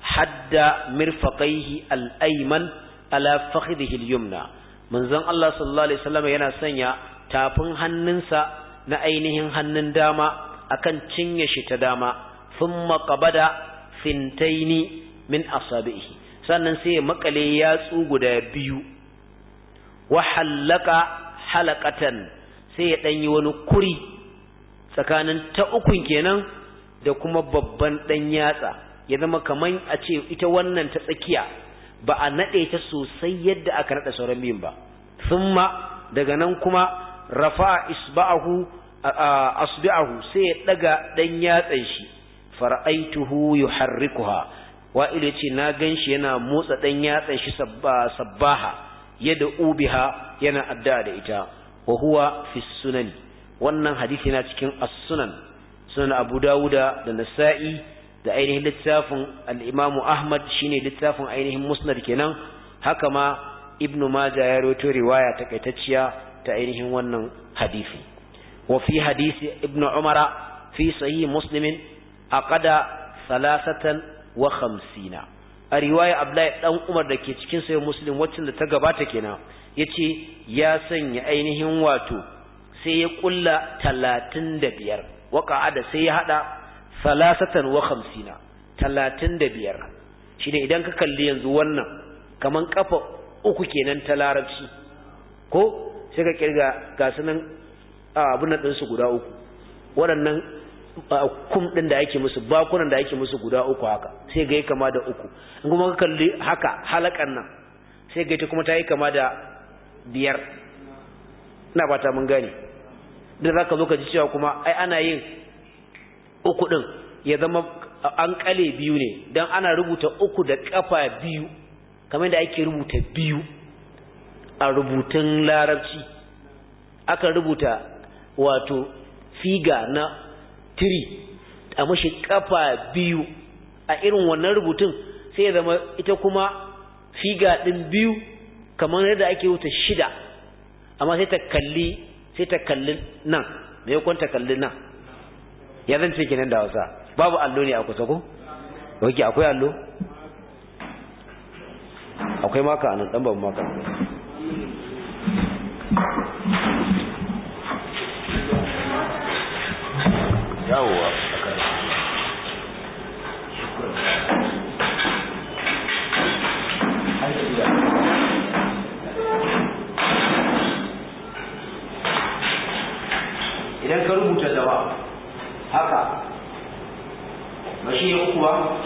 hadda mirfaqaihi al-ayman ala fakhidhihi al-yumna manzon Allah sallallahu alaihi wasallam yana sanya tafin hannunsa na ainihin hannun dama akan cinye shi ta dama thumma qabada fintaini min asabihi sannan sai ya makale yatsu guda biyu wa halaka halakatan sai ya danyi wani kuri tsakanin ta ukun kenan da kuma babban dan yatsa ya zama kaman a ce ita wannan ta tsakiya ba a nade ta sosai yadda aka nada sauran biyun ba thumma daga nan kuma rafa'a isba'ahu asbi'ahu sai ya daga dan yatsan shi fara'aituhu yuharrikuha wa'il yace na ganshi yana motsa dan yatsan shi sabbaha yada ubiha yana addu'a da ita wa huwa fi wannan hadisi yana cikin as-sunan sunan Abu Dawuda da Nasa'i da ainihin littafin al-Imam Ahmad shine littafin ainihin Musnad kenan haka ma ibnu Majah ya rawaito riwaya takaitacciya ta ainihin wannan hadisi wa fi hadisi ibnu Umara fi sahih Muslimin aqada salasatan wa khamsina a riwaya Abdullahi dan Umar da ke cikin sayyid Muslim wacce da ta gabata kenan yace ya sanya ainihin wato sai ya kulla 35 wa qa'ada sai ya hada salasatan wa khamsina 35 shine idan ka kalli yanzu wannan kaman kafa uku kenan ta larabci ko sai ka kirga gasunan sunan abun nan su guda uku waɗannan kum din da yake musu bakunan da yake musu guda uku haka sai ga kama da uku in kuma ka kalli haka halakan nan sai ga ita kuma ta yi kama da biyar ina bata mun gane da zaka zo ka ji cewa kuma ai ana yin uku din ya zama an kale biyu ne dan ana rubuta uku da kafa biyu kamar da ake rubuta biyu a rubutun larabci aka rubuta wato figa na tiri a mashi kafa biyu a irin wannan rubutun sai ya zama ita kuma figa ɗin biyu kamar yadda ake wuta shida amma sai ta kalli sai ta kalli nan me yakon ta kalli nan ya zan ce kinan da wasa babu allo ne a kusa ko wake akwai allo akwai maka anan dan babu maka yawwa idan ka rubuta dawa haka ba shi ya uku ba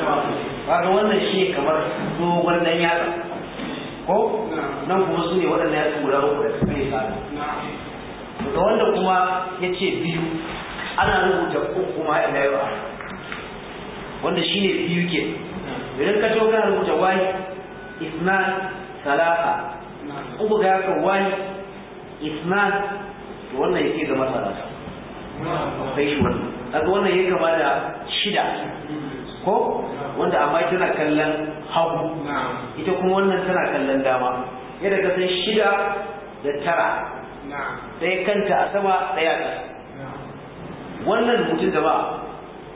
kaga wannan shi kamar dogon dan yatsa ko nan kuma su ne waɗanda ya guda uku da suka yi tsada daga wanda kuma ya ce biyu ana rubuta uku ma ila yau wanda shine biyu ke idan ka zo kana rubuta wani isnan salaha uku ga ka wani isnan to wannan yake ga masara sai shi wannan kaga wannan yake gaba da shida ko wanda amma tana kallon hagu ita kuma wannan tana kallon dama yadda ka san shida da tara ɗaya kanta a sama ɗaya ƙasa wannan mutum da ba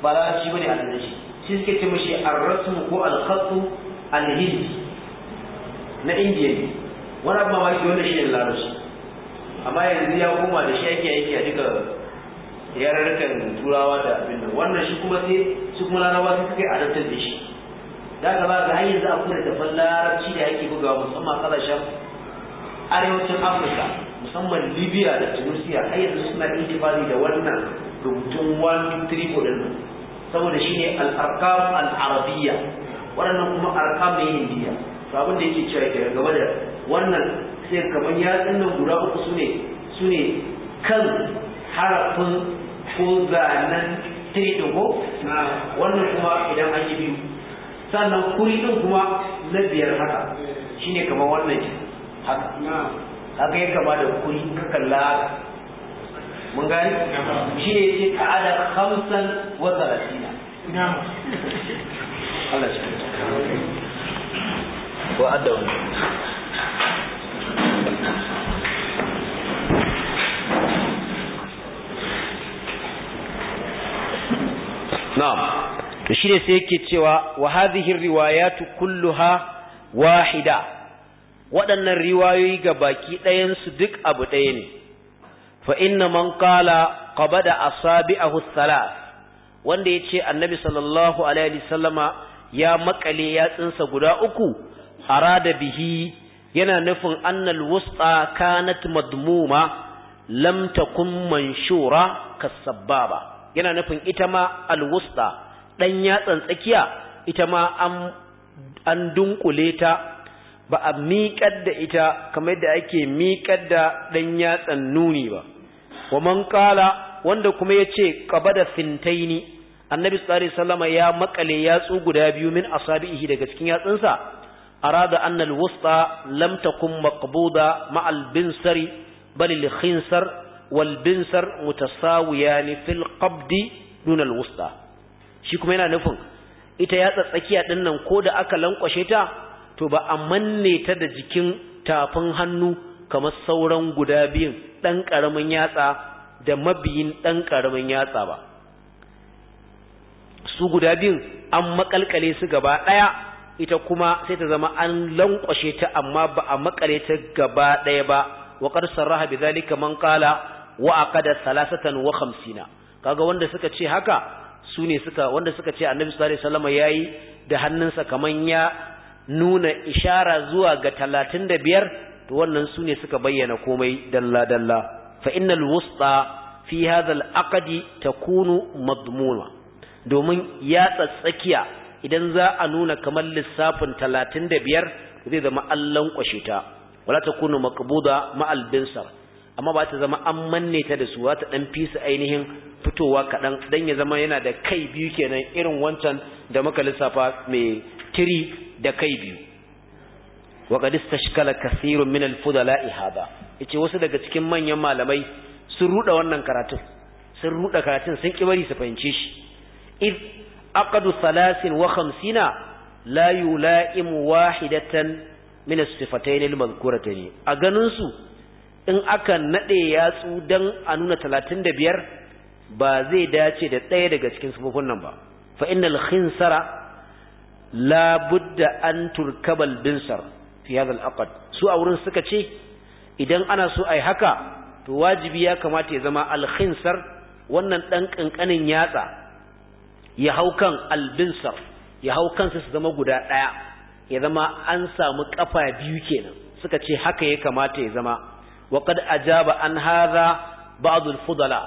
ba shi bane asalin shi shi suke ce mishi ar-rasmu ko al-khattu al-hindi na indiya ne wani abu mamaki wanda shi ne larabci amma yanzu ya koma da shi yake yake a duka yararkan turawa da abin nan wannan shi kuma sai su kuma larabawa sai suka yi adaptar da shi da ka ba ga har yanzu akwai da tafan larabci da yake bugawa musamman kasashen arewacin afirka musamman libya da tunisia har yanzu suna intifadi da wannan rubutun tribu din nan saboda shi ne arqam al'arabiya waɗannan kuma arqam mai indiya to abin da yake cewa ke gaba da wannan sai kamar ya tsinna guda uku sune ne kan harafin ko zanen tiri ko wannan kuma idan an yi biyu sannan kuri din kuma na biyar haka ne kamar wannan haka haka ya kama da kuri ka kalla mun gani shi ne ce ka ada hamsan wa talatina Allah shi wa adda na'am shi ne sai yake cewa wa hadhihi riwayatu kulluha wahida waɗannan riwayoyi ga baki ɗayansu duk abu ɗaya ne fa inna man qala qabada asabi'ahu wanda yace annabi sallallahu alaihi wasallama ya makale yatsunsa guda uku arada bihi yana nufin annal wusta kanat madmuma lam takun manshura kasabbaba yana nufin ita ma al wusta dan yatsan tsakiya ita ma an an dunkule ta ba a miƙar da ita kamar yadda ake miƙar da ɗan yatsan nuni ba wa man wanda kuma kaba da fintaini annabi sallallahu alaihi ya makale yatsu guda biyu min asabihi daga cikin yatsunsa arada anna alwusta lam takun maqbuda ma albinsari bal alkhinsar walbinsar mutasawiyani fil qabdi dun alwusta shi kuma yana nufin ita yatsa tsakiya din nan ko da aka lankwashe ta to ba a manne ta da jikin tafin hannu kamar sauran guda biyun ɗan ƙaramin yatsa da mabiyin ɗan ƙaramin yatsa ba su guda biyun an makalkale su gaba ɗaya ita kuma sai ta zama an lankwashe ta amma ba a makale ta gaba ɗaya ba wa raha bi zalika man qala wa a wa hamsina kaga wanda suka ce haka su ne suka wanda suka ce annabi sallallahu alaihi wasallam yayi da hannunsa kaman ya nuna ishara zuwa ga talatin da biyar. to wannan su ne suka bayyana komai dalla-dalla fa innal wusta fi hadhal aqdi takunu madmuna domin ya tsatsakiya idan za a nuna kamar lissafin 35 zai zama allan kwashe ta wala takunu maqbuda ma albinsar amma ba ta zama an manne ta da su za ta dan fisa ainihin fitowa kadan dan ya zama yana da kai biyu kenan irin wancan da muka lissafa mai tiri da kai biyu wa qad istashkala kathirun min al-fudala'i hada yace wasu daga cikin manyan malamai sun ruɗa wannan karatun sun ruɗa karatun sun kibari su fahimce shi id aqadu 53 la yula'imu wahidatan min as-sifatayn al-madhkuratayn a ganin su in aka nade yatsu dan a nuna 35 ba zai dace da ɗaya daga cikin sifofin nan ba fa innal khinsara la budda an turkabal binsar fi hadha aqd su a wurin suka ce idan ana so ai haka to wajibi ya kamata ya zama al-khinsar wannan dan kankanin yatsa ya hau kan al-binsar ya hau kansa su zama guda daya ya zama an samu kafa biyu kenan suka ce haka ya kamata ya zama wa qad ajaba an hadha ba'd al-fudala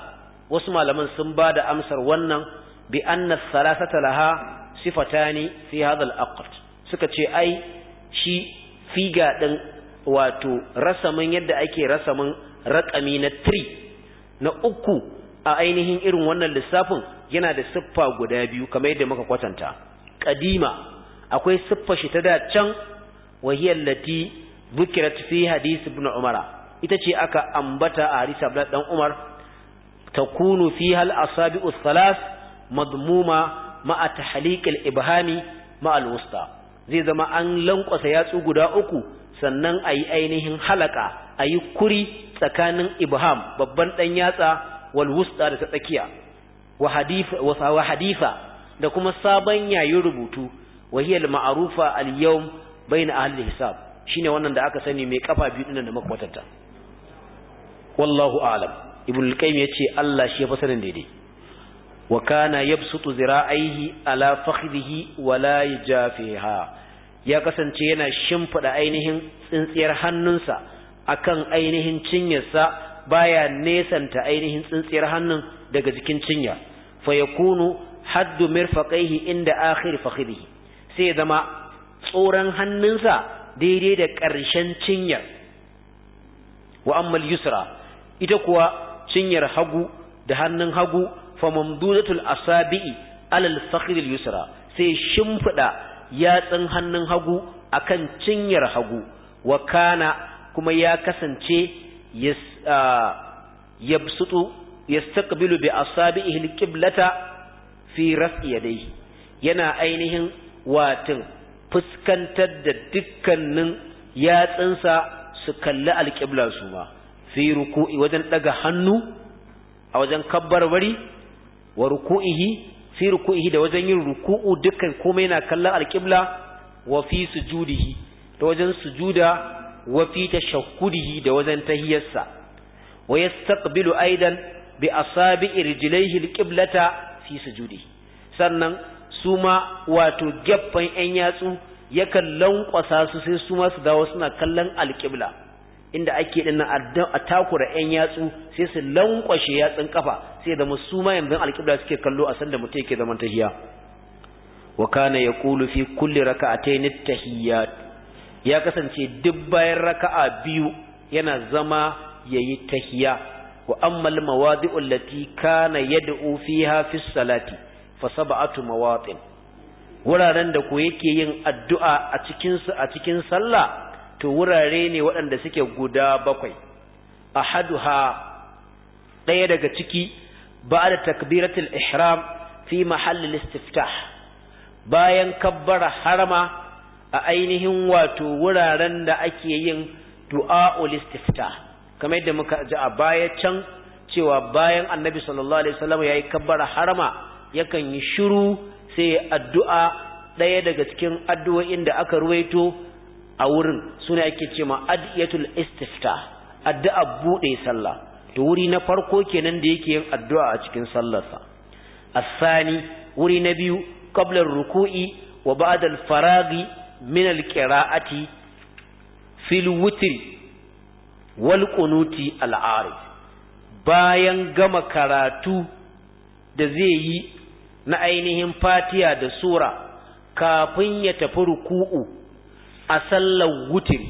wasu malaman sun ba da amsar wannan bi anna thalathata laha sifatani fi hadha al-aqd suka ce ai shi figa ɗin wato rasamin yadda ake rasamin raƙami na 3 na uku a ainihin irin wannan lissafin yana da siffa guda biyu kamar yadda muka kwatanta ƙadima akwai siffa shi ta da can wahiyar lati bukirat fi hadis ibn umar ita ce aka ambata a hadis abdul dan umar takunu fi hal asabiu thalath madmuma ma'a tahliq al-ibhami ma'a al-wusta zai zama an lankwasa yatsu guda uku sannan a yi ainihin halaka a yi kuri tsakanin ibham babban ɗan yatsa walwusta da ta tsakiya wa hadifa da kuma sabon yayin rubutu wa ma'arufa al-ma'rufa al-yawm bayna ahli hisab shine wannan da aka sani mai kafa biyu dinnan da kwatanta. wallahu a'lam ibn al-qayyim yace Allah shi ya fa daidai wa kana yabsutu zira'aihi ala fakhdihi wa la yajafiha ya kasance yana shimfiɗa ainihin tsintsiyar hannunsa akan ainihin cinyarsa baya nesanta ainihin tsintsiyar hannun daga jikin cinya fa yakunu haddu mirfaqaihi inda akhir fakhidhi sai zama tsoron hannunsa daidai da ƙarshen cinyar wa ammal yusra ita kuwa cinyar hagu da hannun hagu fa mamdudatul asabi'i alal fakhidil yusra sai shimfiɗa yatsun hannun hagu akan cinyar hagu wa kana kuma ya kasance yabsutu yastaqbilu bi asabihi alqiblata fi raf'i yadayhi yana ainihin watin fuskantar da dukkanin yatsunsa su kalli alqibla su ma fi ruku'i wajen daga hannu a wajen bari wa ruku'ihi fi ruku'ihi da wajen yin ruku'u dukkan komai yana kallon alƙibla wa fi sujudihi da wajen sujuda wa fi tashakkudihi da wajen tahiyyarsa wa yastaqbilu aidan bi asabi'i rijlaihi alqiblata fi sujudihi sannan su ma wato gaffan yan yatsu yakan lankwasa su sai su ma su dawo suna kallon alƙibla inda ake dinnan a takura yan yatsu sai su lankwashe yatsun kafa sai da su ma yanzu alƙibla suke kallo a sanda mutum yake zaman tahiya wa kana yaqulu fi kulli raka'atayn at-tahiyyat ya kasance duk bayan raka'a biyu yana zama yayi tahiyya wa ammal mawadiu allati kana yad'u fiha fi salati fa sab'atu mawatin wuraren da ko yake yin addu'a a cikin su a cikin sallah to wurare ne waɗanda suke guda bakwai a ahaduha ɗaya daga ciki ba da takbiratul ihram fi mahallin istiftah bayan kabbara harama a ainihin wato wuraren da ake yin du'a'ul istiftah kamar yadda muka ji a baya can cewa bayan annabi sallallahu alaihi wasallam yayi kabbara harama yakan yi shiru sai addu'a ɗaya daga cikin addu'o'in da aka ruwaito a wurin suna yake ce ma adiyatul istifta addu'a bude sallah to wuri na farko kenan da yake yin addu'a a cikin sallarsa asani wuri na biyu qabla ruku'i wa ba'da al-faraghi min al-qira'ati fil witr wal qunuti al ari bayan gama karatu da zai yi na ainihin fatiya da sura kafin ya tafi ruku'u a sallar wutiri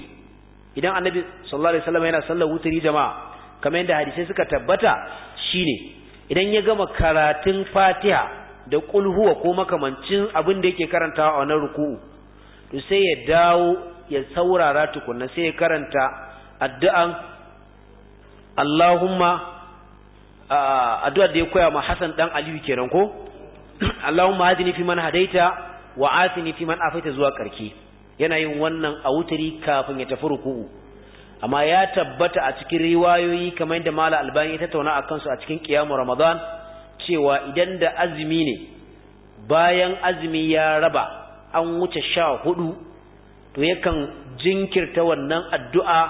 idan annabi sallallahu alaihi wasallam yana sallar wutiri jama'a kamar yadda hadisai suka tabbata shine idan ya gama karatun Fatiha da qul huwa ko makamancin abin da yake karantawa a wannan ruku'u to sai ya dawo ya saurara tukunna sai ya karanta addu'an Allahumma addu'ar da ya koya ma Hassan dan Aliyu kenan ko Allahumma hadini fi man hadaita wa afini fi man afaita zuwa karki yana yin wannan a wutari kafin ya tafi ruku'u amma ya tabbata a cikin riwayoyi kamar yadda mala albani ya tattauna a kansu a cikin kiyamu ramadan cewa idan da azumi ne bayan azumi ya raba an wuce sha hudu to yakan jinkirta wannan addu'a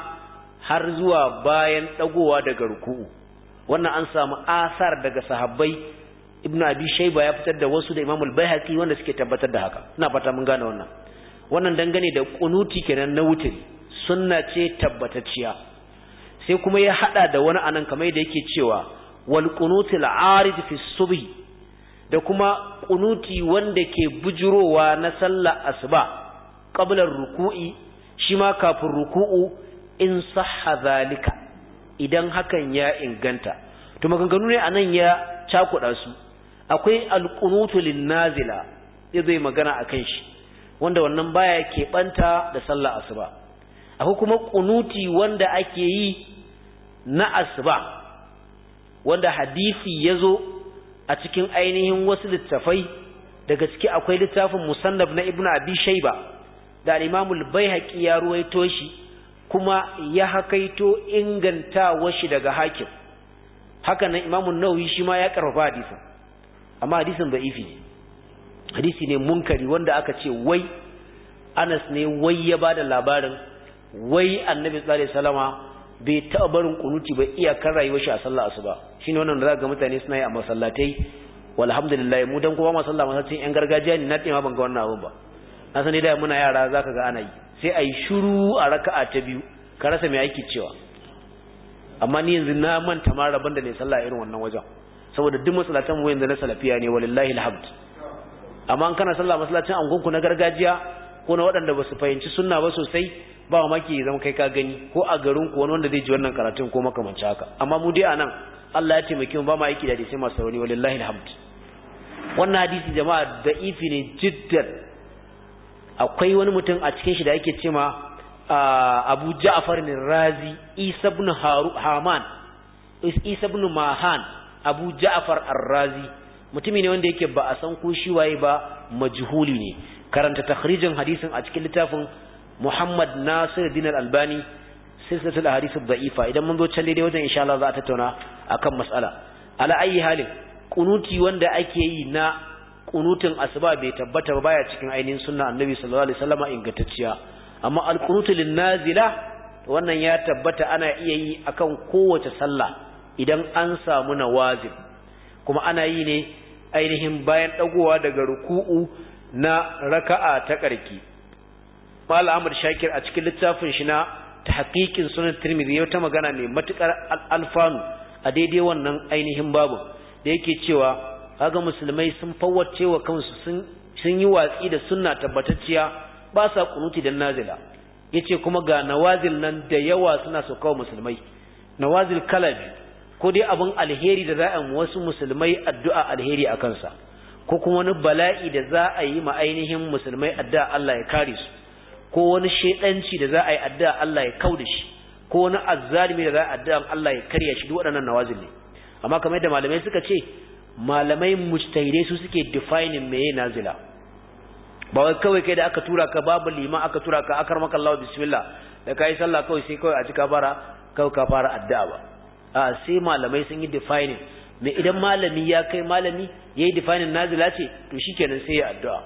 har zuwa bayan dagowa daga ruku'u wannan an samu asar daga sahabbai ibnu abi shayba ya fitar da wasu da imamul bayhaqi wanda suke tabbatar da haka ina fata mun gane wannan wannan dangane da kunuti kenan na wutin sunna ce tabbatacciya sai kuma ya hada da wani anan kamar da yake cewa wal al arid fi subhi da kuma kunuti wanda ke bujurowa na sallar asuba qabla ruku'i shi ma kafin ruku'u in sahha zalika idan hakan ya inganta to maganganu ne anan ya cakuɗa su akwai alqunutu lin nazila zai magana akan shi wanda wannan baya keɓanta da sallah asuba akwai kuma kunuti wanda ake yi na asuba wanda hadisi ya zo a cikin ainihin wasu littafai daga ciki akwai littafin musannaf na ibnu abi shaiba da al-imamul baihaqi ya ruwaito shi kuma ya hakaito ingantawa shi daga hakim haka nan imamun nawawi shi ma ya karfafa hadisin amma hadisin ba ne hadisi ne munkari wanda aka ce wai anas ne wai ya ba da labarin wai annabi sallallahu alaihi wasallama bai taɓa barin kunuti ba iyakar rayuwar shi a sallah asuba shine wannan da za ga mutane suna yi a masallatai walhamdulillah mu dan kuma masallah masallacin yan gargajiya ne na tsima ban ga wannan abun ba na sani da muna yara zaka ga ana yi sai ayi shiru a raka'a ta biyu ka rasa mai aiki cewa amma ni yanzu na manta mara rabon da ne sallah irin wannan wajen saboda duk masallatan mu yanzu na salafiya ne walillahi alhamdulillah amma kana sallah masallacin angonku na gargajiya ko na waɗanda ba su fahimci sunna ba sosai ba ma ya zama kai ka gani ko a garin ku wani wanda zai ji wannan karatun ko makamanci haka amma mu dai anan Allah ya taimake mu ba ma aiki da sai masu sauri walillahi alhamd wannan hadisi jama'a da'ifi ne jiddan akwai wani mutum a cikin shi da yake cewa Abu Ja'far razi Isa ibn Haman Isa ibn Mahan Abu Ja'far Ar-Razi mutumi ne wanda yake ba a san ko shi waye ba majhuli ne karanta takhrijin hadisin a cikin littafin Muhammad Nasir Dinar Albani silsilatul ahadith ad-da'ifa idan mun zo can dai wajen insha Allah za a tattauna akan mas'ala ala ayi halin kunuti wanda ake yi na kunutin asuba bai tabbata ba baya cikin ainihin sunna annabi sallallahu alaihi wasallama ingantacciya amma al-qunutu lin-nazila wannan ya tabbata ana iya yi akan kowace sallah idan an samu nawazib kuma ana yi ne ainihin bayan ɗagowa daga ruku'u na raka'a ta ƙarƙi. Malam Ahmad Shakir a cikin littafin shi na tahqiqin sunan Tirmidhi ya ta magana mai matukar alfanu a daidai wannan ainihin babu da yake cewa kaga musulmai sun fawwacewa wa kansu sun yi watsi da sunna tabbatacciya ba sa kunuti dan nazila yace kuma ga nawazil nan da yawa suna so kawo musulmai nawazil kala biyu ko dai abin alheri da za a yi wasu musulmai addu'a alheri a kansa ko kuma wani bala'i da za a yi ma ainihin musulmai addu'a Allah ya kare su ko wani shedanci da za a yi addu'a Allah ya kauda shi ko wani azzalimi da za a yi addu'a Allah ya karya shi duk waɗannan nawazil ne amma kamar yadda malamai suka ce malamai mujtahidai su suke defining meye nazila ba wai kawai kai da aka tura ka babu lima aka tura ka akar maka Allah bismillah da kai sallah kawai sai kawai a ka fara kawai ka fara addu'a ba a sai malamai sun yi defining me idan malami ya kai malami ya yi defining nazila ce to kenan sai ya addu'a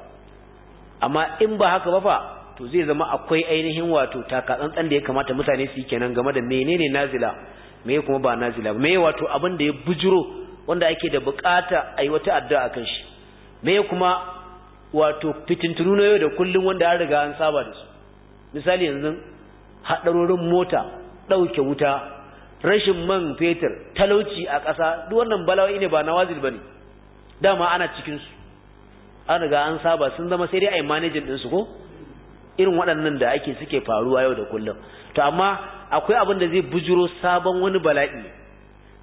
amma in ba haka ba fa to zai zama akwai ainihin wato takatsantsan da ya kamata mutane su yi kenan game da menene nazila me kuma ba nazila me wato abin da ya bujiro wanda ake da bukata yi wata addu'a kan shi me kuma wato fitintunu na yau da kullum wanda an riga an saba da su misali yanzu haɗarorin mota ɗauke wuta rashin man fetur talauci a ƙasa duk wannan balawai ne ba na ba ne. dama ana cikin an riga an saba sun zama sai dai ai manajan din su ko irin waɗannan da ake suke faruwa yau da kullum to amma akwai abin da zai bujuro sabon wani bala'i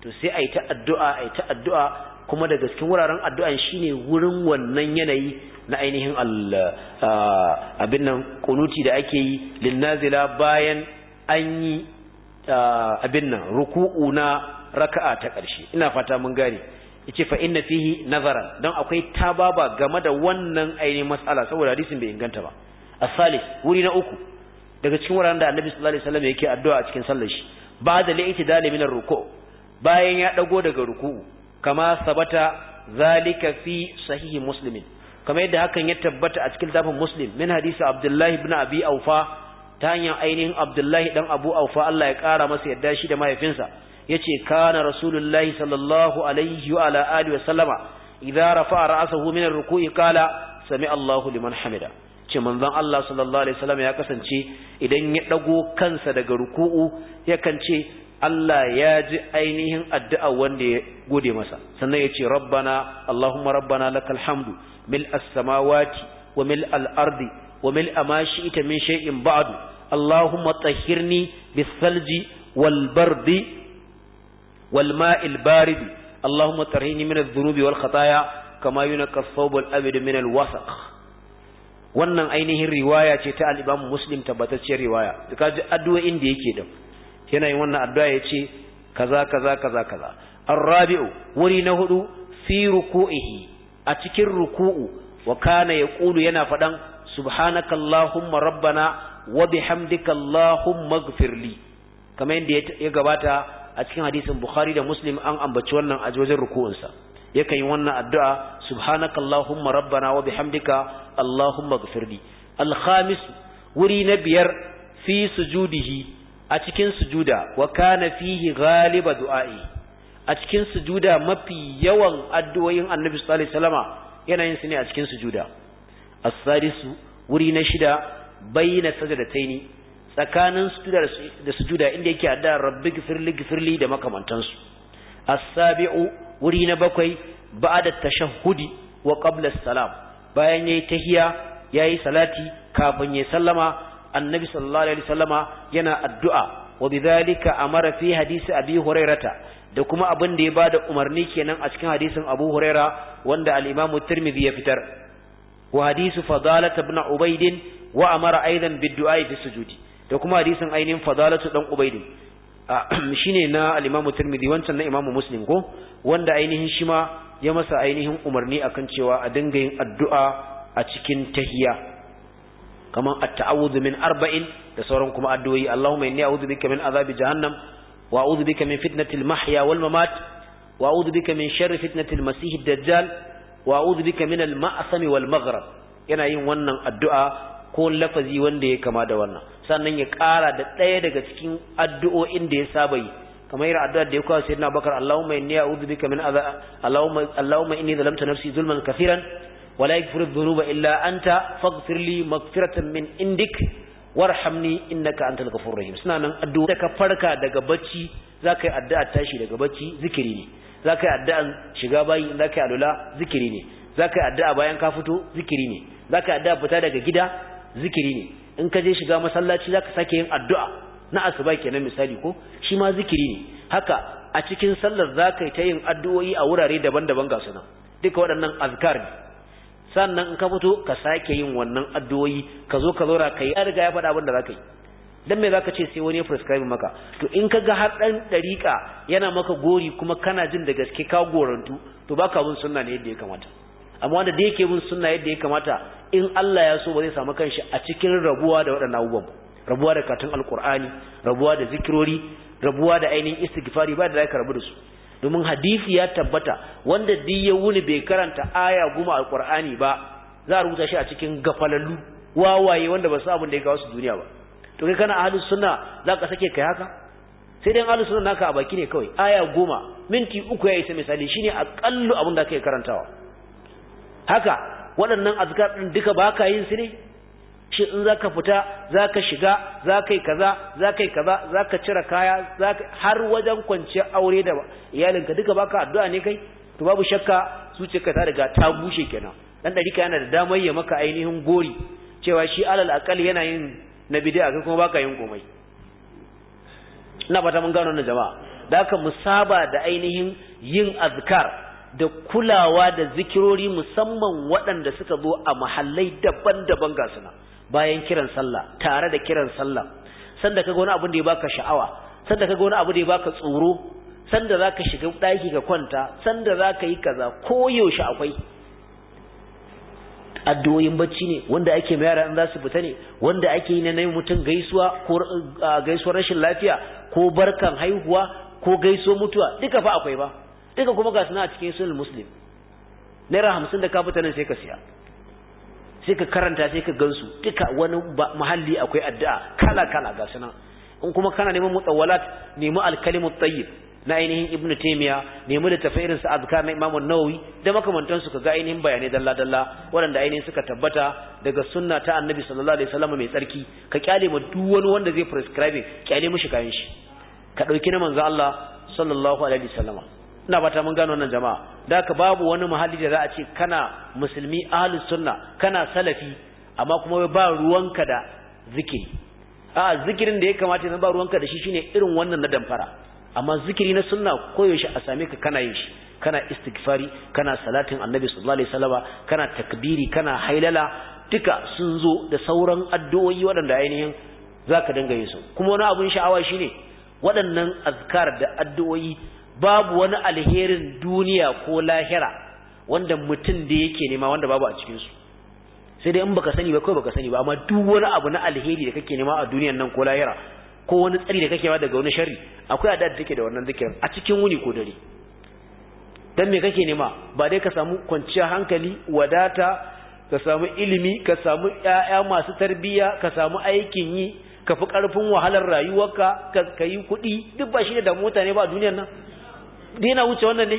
to sai ai ta addu'a ai ta addu'a kuma daga cikin wuraren addu'an shine wurin wannan yanayi na ainihin ah, abin nan kunuti da ake yi linnazila bayan an yi abin nan ruku'u na raka'a ta ƙarshe ina fata mun gane yace fa inna fihi nazaran dan akwai tababa game da wannan ainihin matsala saboda hadisin bai inganta ba as-salis wuri na uku daga cikin wuraren da annabi sallallahu alaihi wasallam yake addu'a a cikin sallar shi ba da li'tidal min na ruku bayan ya dago daga ruku'u kama sabata zalika fi sahihi muslimin kamar yadda hakan ya tabbata a cikin dafin muslim min hadisi abdullahi ibn abi aufa ta hanyar ainihin abdullahi dan abu aufa Allah ya kara masa yadda shi da mahaifinsa yace kana rasulullahi sallallahu alaihi wa ala alihi wa sallama idza rafa'a ra'sahu min ar-ruku'i qala sami Allahu liman hamida ce manzon Allah sallallahu alaihi wasallam ya kasance idan ya dago kansa daga ruku'u yakan ce Allah ya ji ainihin addu'a wanda ya gode masa sannan yace rabbana allahumma rabbana lakal hamdu mil as-samawati wa mil al-ardi wa mil ma ita min shay'in ba'du Allahumma bisalji wal bardi wal kama yunqa wannan ainihin riwaya ce ta al Muslim tabbatacciyar riwaya kaji addu'o'in da yake da yana yin wannan addu'a yace kaza kaza kaza kaza An rabiu wuri na hudu fi ruku'ihi a cikin ruku'u wa kana kulu yana faɗan subhanakallahumma rabbana wa bihamdika allahumma ighfirli kamar yadda ya gabata a cikin hadisin bukhari da muslim an ambaci wannan a wajen ruku'unsa yakan yi wannan addu'a subhanakallahumma rabbana wa bihamdika allahumma ighfirli al-khamis wuri na biyar fi sujudihi a cikin sujuda wa kana fihi ghaliba du'a'i a cikin sujuda mafi yawan addu'o'in annabi sallallahu alaihi wasallama yana yin su ne a cikin sujuda as-sadisu wuri na shida bayyana taini tsakanin sujuda da sujuda inda yake adda rabbi gfirli gfirli da makamantansu as-sabi'u wuri na bakwai ba'da tashahhudi wa qabla salam bayan yayi tahiya yayi salati kafin yayi sallama annabi sallallahu alaihi wasallama yana addu'a wa bidhalika amara fi hadisi abi hurairata da kuma abin da ya bada umarni kenan a cikin hadisin abu huraira wanda al-imamu tirmidhi ya fitar wa hadisu fadalat ibn ubaidin wa amara aidan biddu'a fi sujudi da kuma hadisin ainihin fadalatu dan ubaidi shine na al-imam tirmidhi wancan na imam muslim ko wanda ainihin shi ma ya masa ainihin umarni akan cewa a dinga yin addu'a a cikin tahiyya kaman at-ta'awudhu min arba'in da sauran kuma addu'o'i Allahumma inni a'udhu bika min azabi jahannam wa a'udhu bika min fitnatil mahya wal mamat wa a'udhu bika min sharri fitnatil masih ad-dajjal wa a'udhu bika min al-ma'sami wal maghrib yana yin wannan addu'a ko lafazi wanda ya kama da wannan sannan ya kara da ɗaya daga cikin addu'o'in da ya saba yi kamar yin addu'a da ya kawo sayyidina bakar Allahumma inni a'udhu bika min adha Allahumma Allahumma inni zalamtu nafsi zulman kafiran wa la yaghfiru dhunuba illa anta faghfir li maghfiratan min indik warhamni innaka antal ghafurur rahim suna nan addu'a da ka farka daga bacci zaka yi addu'a tashi daga bacci zikiri ne zaka yi addu'a shiga bayi zaka yi alula zikiri ne zaka yi addu'a bayan ka fito zikiri ne zaka yi addu'a fita daga gida zikiri ne in ka je shiga masallaci zaka sake yin addu'a na asuba kenan misali ko shi ma zikiri ne haka a cikin sallar zaka yi ta yin addu'o'i a wurare daban-daban ga sunan duka waɗannan azkar ne sannan in ka fito ka sake yin wannan addu'o'i ka zo ka zora ka yi riga ya faɗa abin da zaka yi dan me zaka ce sai wani ya prescribe maka to in ka ga har dan dariƙa yana maka gori kuma kana jin da gaske ka gorantu to baka bin sunna ne yadda ya kamata amma wanda da yake bin sunna yadda ya kamata in Allah ya so ba zai samu kanshi a cikin rabuwa da waɗannan abubuwan rabuwa da katun alkur'ani rabuwa da zikirori rabuwa da ainihin istighfari ba da zaka rabu da su domin hadisi ya tabbata wanda duk ya wuni bai karanta aya goma alkur'ani ba za a rubuta shi a cikin gafalallu wawaye wanda ba su abin da ya kawo su duniya ba to kai kana ahlus sunna za ka sake kai haka sai dai ahlus sunna naka a baki ne kawai aya goma minti uku ya isa misali shine aƙallu abin da kake karantawa haka waɗannan azkar ɗin duka ba ka yin su ne shi in za ka fita za ka shiga za ka yi kaza za ka yi kaza za ka cire kaya har wajen kwanciyar aure da iyalinka duka ba ka addu'a ne kai to babu shakka zuciyarka ta riga ta bushe kenan dan ka yana da damar ya maka ainihin gori cewa shi alal akali yana yin na bid'a kai kuma baka yin komai ina fata mun gano na jama'a da haka musaba da ainihin yin azkar da kulawa da zikirori musamman waɗanda suka zo a mahallai daban-daban ga suna bayan kiran sallah tare da kiran sallah sanda kaga wani abu da ya baka sha'awa sanda kaga wani abu da ya baka tsoro sanda zaka shiga ɗaki ka kwanta sanda zaka yi kaza ko yaushe akwai addu'o'in bacci ne wanda ake ma yara in za su fita ne wanda ake yi na nayin mutum gaisuwa ko ah, gaisuwar rashin lafiya ko barkan haihuwa ko gaiso mutuwa duka fa akwai ba sai kuma ga suna cikin sunan muslim naira hamsin da ka fita nan sai ka siya sai ka karanta sai ka gansu duka wani mahalli akwai addu'a kala kala ga suna in kuma kana neman mutawalat nemi alkalimut tayyib na ainihin ibnu taymiya nemi da irin sa azkar na imamu nawawi da makamantansu ka ga ainihin bayanai dalla dalla waɗanda ainihin suka tabbata daga sunna ta annabi sallallahu alaihi wasallam mai tsarki ka kyale ma duk wani wanda zai prescribe kyale mishi kayan shi ka dauki na manzo Allah sallallahu alaihi wasallam ina fata mun gano wannan jama'a da ka babu wani mahalli da za a ce kana musulmi ahli sunna kana salafi amma kuma ba ruwanka da zikiri a zikirin da ya kamata ya ba ruwanka da shi shine irin wannan na damfara amma zikiri na sunna koyaushe a same ka kana yin shi kana istighfari kana salatin annabi sallallahu alaihi wasallama kana takbiri kana hailala duka sun zo da sauran addu'o'i waɗanda ainihin zaka dinga yin su kuma wani abun sha'awa shine waɗannan azkar da addu'o'i babu wani alherin duniya ko lahira wanda mutum da yake nema wanda babu a cikinsu sai dai in baka sani ba kawai baka sani ba amma duk wani abu na alheri da kake nema a duniyan nan ko lahira ko wani tsari da kake ba daga wani sharri akwai adad da take da wannan zikirin a cikin wuni ko dare dan me kake nema ba dai ka samu kwanciyar hankali wadata ka samu ilimi ka samu ƴaƴa masu tarbiyya ka samu aikin yi ka fi ƙarfin wahalar rayuwarka ka yi kuɗi duk ba shi da mutane ba a duniyan nan na wuce wannan ne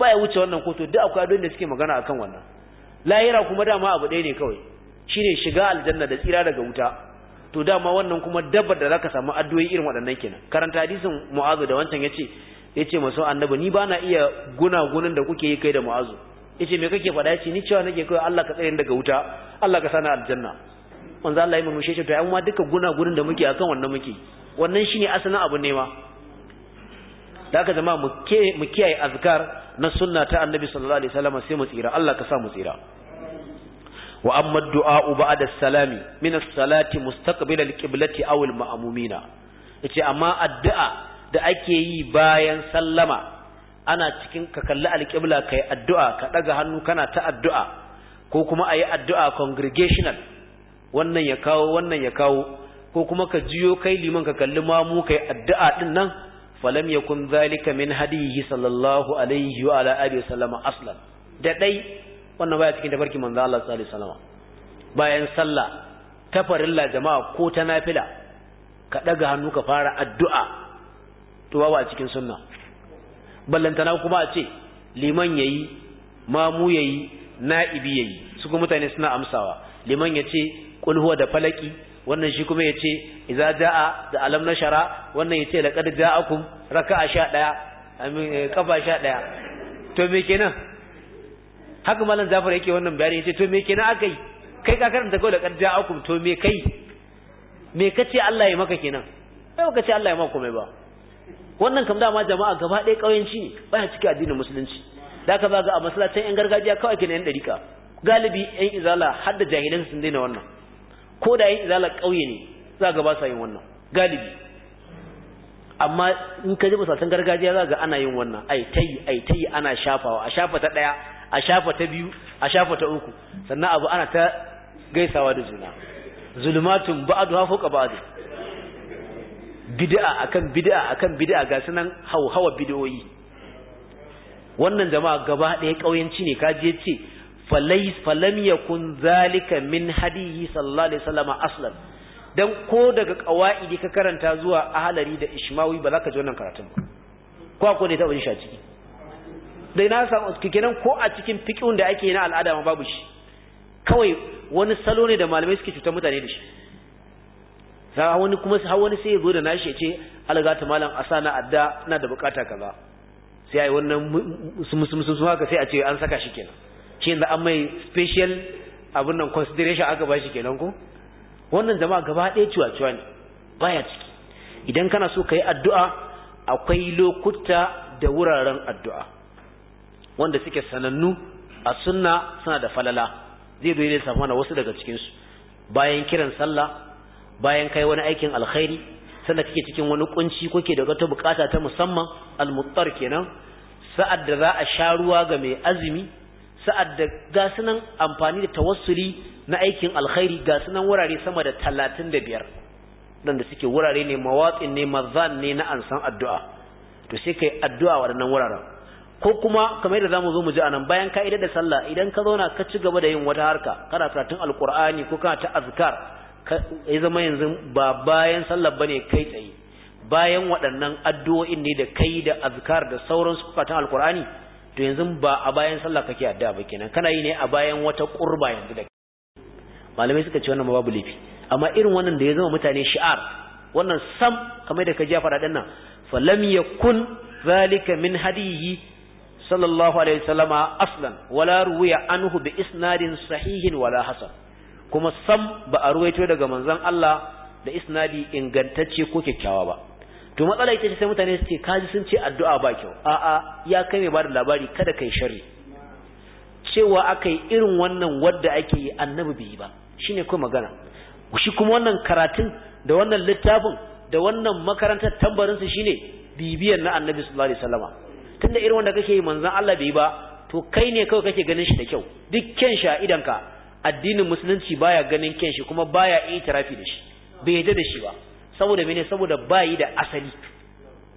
ya wuce wannan ko to duk akwai adon da suke magana akan wannan lahira kuma dama abu ɗaya ne kawai shine shiga aljanna da tsira daga wuta to dama wannan kuma dabbar da zaka samu addu'o'i irin waɗannan kenan karanta hadisin mu'azu da wancan yace yace maso annabi ni bana iya gunagunin da kuke yi kai da mu'azu yace me kake faɗa yace ni cewa nake kai Allah ka tsare ni daga wuta Allah ka sani aljanna manzo Allah ya murmushe shi to ai ma duka gunagunin da muke akan wannan muke wannan shine asalin abu ne ma da aka jama'a mu kiyaye azkar na sunna ta annabi sallallahu alaihi wasallam sai mu tsira Allah ka sa mu tsira wa amma du'a ba'da salami min as-salati mustaqbilal qiblati aw al-ma'mumina yace amma addu'a da ake yi bayan sallama ana cikin ka kalli al-qibla kai addu'a ka daga hannu kana ta addu'a ko kuma ayi addu'a congregational wannan ya kawo wannan ya kawo ko kuma ka jiyo kai liman ka kalli mamu kai addu'a din nan falam yakun zalika min hadihi sallallahu alaihi wa ala alihi wasallam aslan da dai wannan baya cikin tafarki manzo Allah sallallahu alaihi wasallam bayan sallah ta la jama'a ko ta nafila ka daga hannu ka fara addu'a to ba cikin sunna ballantana kuma a ce liman yayi mamu yayi na'ibi yayi su kuma mutane suna amsawa liman ya ce da falaki wannan shi kuma yace idza jaa da alam nashara wannan yace laqad jaakum raka'a 11 amin eh, kafa ɗaya to me kenan haka malam zafar yake wannan bayani yace to me kenan akai kai ka karanta kawai laqad jaakum to me kai me kace Allah ya maka kenan kai kace Allah ya maka komai ba wannan kam dama jama'a gaba ɗaya ƙauyenci ne baya cikin addinin musulunci da ka ba ga a masallacin yan gargajiya kawai kenan yan dariƙa galibi yan izala har da jahilan sun daina wannan ko da yin izalar ƙauye ne za ga ba sa yin wannan galibi amma in ka ji misaltan gargajiya za ga ana yin wannan ai tayi ai tayi ana shafawa a shafa ta ɗaya a shafa ta biyu a shafa ta uku sannan abu ana ta gaisawa da juna zulmatun ba'duha fawqa ba'd bid'a akan bid'a akan bid'a ga sunan hauhawa bid'o'i wannan jama'a gaba ɗaya ƙauyenci ne kaji ce. falai falam yakun zalika min hadihi sallallahu alaihi wasallam aslan dan ko daga qawaidi ka karanta zuwa ahlari da ishmawi ba za ka ji wannan karatun ko ko ne ta wani shaci dai na san kenan ko a cikin fiqhun da ake na al'ada ma babu shi kawai wani salo ne da malamai suke cutar mutane da shi za wani kuma har wani sai ya zo da nashi ya ce algata malam asana adda na da bukata kaza sai ai wannan musu musu haka sai a ce an saka shi kenan shi da an mai special abin nan consideration aka shi kenan ko wannan jama'a gaba ɗaya ciwa-ciwa ne baya ciki idan kana so ka yi addu'a akwai lokuta da wuraren addu'a wanda suke sanannu a sunna suna da falala zai zo ne samu na wasu daga cikinsu bayan kiran sallah bayan kai wani aikin alkhairi sanda kake cikin wani kunci ko ke da wata bukata ta musamman al al-muttar kenan sa'ad da za a sha ruwa ga mai azumi sa'ad da ga amfani da tawassuli na aikin alkhairi ga sunan wurare sama da talatin da biyar dan da suke wurare ne mawatsin ne mazan ne na ansan addu'a to sai kai addu'a waɗannan wuraren ko kuma kamar yadda zamu zo mu ji anan bayan ka idar da sallah idan ka zauna ka ci gaba da yin wata harka kana karatun alqur'ani ko kana ta azkar ya zama yanzu ba bayan sallah bane kai tsaye bayan waɗannan addu'o'in ne da kai da azkar da sauransu kuka ta alqur'ani to yanzu ba a bayan sallah kake addu'a ba kenan kana yi ne a bayan wata qurba yanzu da malamai suka ce wannan babu laifi amma irin wannan da ya zama mutane shi'ar wannan sam kamar da ka ji faɗa dinnan lam yakun zalika min hadihi sallallahu alaihi wasallama aslan wala ruwiya anhu bi isnadin sahihin wala hasan kuma sam ba a ruwaito daga manzon Allah da isnadi ingantacce ko kyakkyawa ba to matsala ita ce sai mutane su ce kaji sun ce addu'a ba kyau a'a ya kai mai bada labari kada kai sharri cewa aka yi irin wannan wadda ake yi annabi bai yi ba shine kai magana shi kuma wannan karatun da wannan littafin da wannan makarantar tambarin su shine bibiyar na annabi sallallahu alaihi wasallama tunda irin wanda kake yi manzon Allah bai yi ba to kai ne kawai kake ganin shi da kyau duk kyan shi a ka addinin musulunci baya ganin ken shi kuma baya itirafi da shi bai yarda da shi ba saboda mene saboda bayi da asali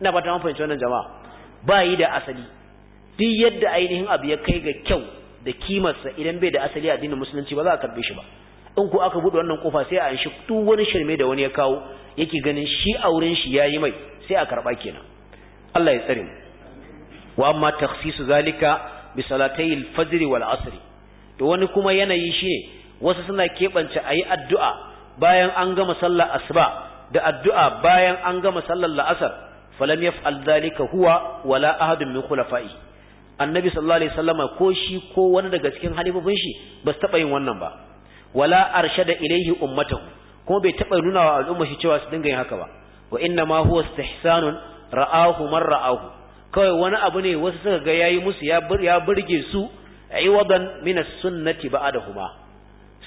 ina ba ta fahimci wannan jama'a bayi da asali duk yadda ainihin abu ya kai ga kyau da kimarsa idan bai da asali a addinin musulunci ba za a karbe shi ba in ku aka buɗe wannan kofa sai a shi duk wani shirme da wani ya kawo yake ganin shi auren shi yayi mai sai a karba kenan Allah ya tsare mu wa amma takhsisu zalika bi salatai al-fajr wal asr to wani kuma yanayi shine wasu suna kebance ayi addu'a bayan an gama sallar asuba da addu'a bayan an gama sallar la'asar falam yaf'al dhalika huwa wala ahadun min khulafa'i annabi sallallahu alaihi wasallama ko shi ko wani daga cikin halifofin shi ba su taba yin wannan ba wala arshada ilaihi ummatahu kuma bai taɓa nuna wa al'umma shi cewa su dinga yin haka ba wa inna ma huwa istihsanun ra'ahu man ra'ahu kawai wani abu ne wasu suka ga yayi musu ya burge su iwadan min as-sunnati ba'dahuma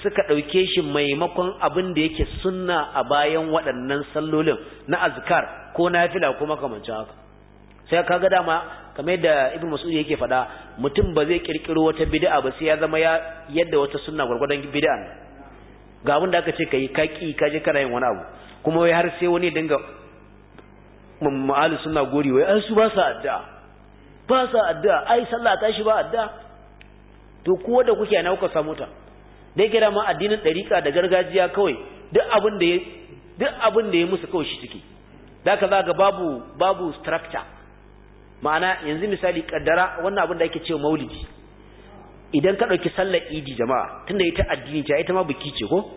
suka ɗauke shi maimakon abin da yake sunna a bayan waɗannan sallolin na azkar ko na fila ko makamancin haka sai kaga dama kamar yadda ibn mas'ud yake faɗa mutum ba zai kirkiro wata bid'a ba sai ya zama ya yadda wata sunna gurgurdan bid'a ga abin da aka ce kai ka ki ka je kana yin wani abu kuma wai har sai wani dinga mu'alu sunna gori wai ai su ba sa addu'a ba sa addu'a ai sallah shi ba addu'a to ko da kuke na kuka samu ta da yake dama addinin ɗariƙa da gargajiya kawai duk abin da ya duk abin da ya musu kawai shi suke da ka zaga babu babu structure ma'ana yanzu misali kaddara wannan abin da ake cewa maulidi idan ka ɗauki sallar idi jama'a tunda ita addini ce ita ma biki ce ko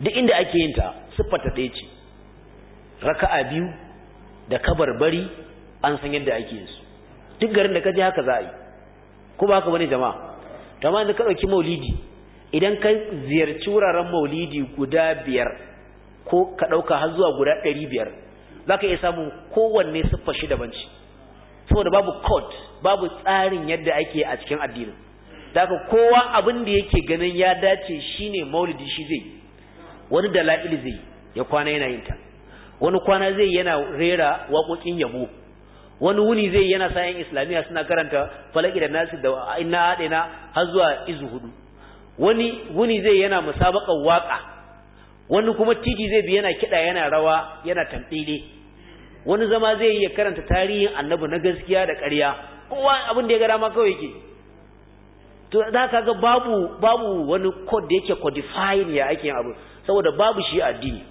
duk inda ake yin ta siffata ɗaya ce raka'a biyu da kabar bari an san yadda ake yin su duk garin da ka je haka za a yi ko ba haka bane jama'a tamam da ka ɗauki maulidi idan ka ziyarci wuraren maulidi guda biyar ko ka ɗauka har zuwa guda ɗari biyar za ka iya samun kowanne siffa shi daban ce saboda babu code babu tsarin yadda ake a cikin addinin da ka kowa abin da yake ganin ya dace shine maulidi shi zai wani dala'il zai ya kwana yana yin ta wani kwana zai yana rera waƙoƙin yabo wani wuni zai yana sayan islamiyya suna karanta falaki da nasu da inna haɗe har zuwa izu hudu wani guni zai yana musabakar waka wani kuma titi zai bi yana kiɗa yana rawa yana tamɗile wani zama zai yi karanta tarihin annabi na gaskiya da ƙarya kowa abin da ya ga dama kawai yake to za ka ga babu babu wani code da yake codifying ya ake abu saboda babu shi addini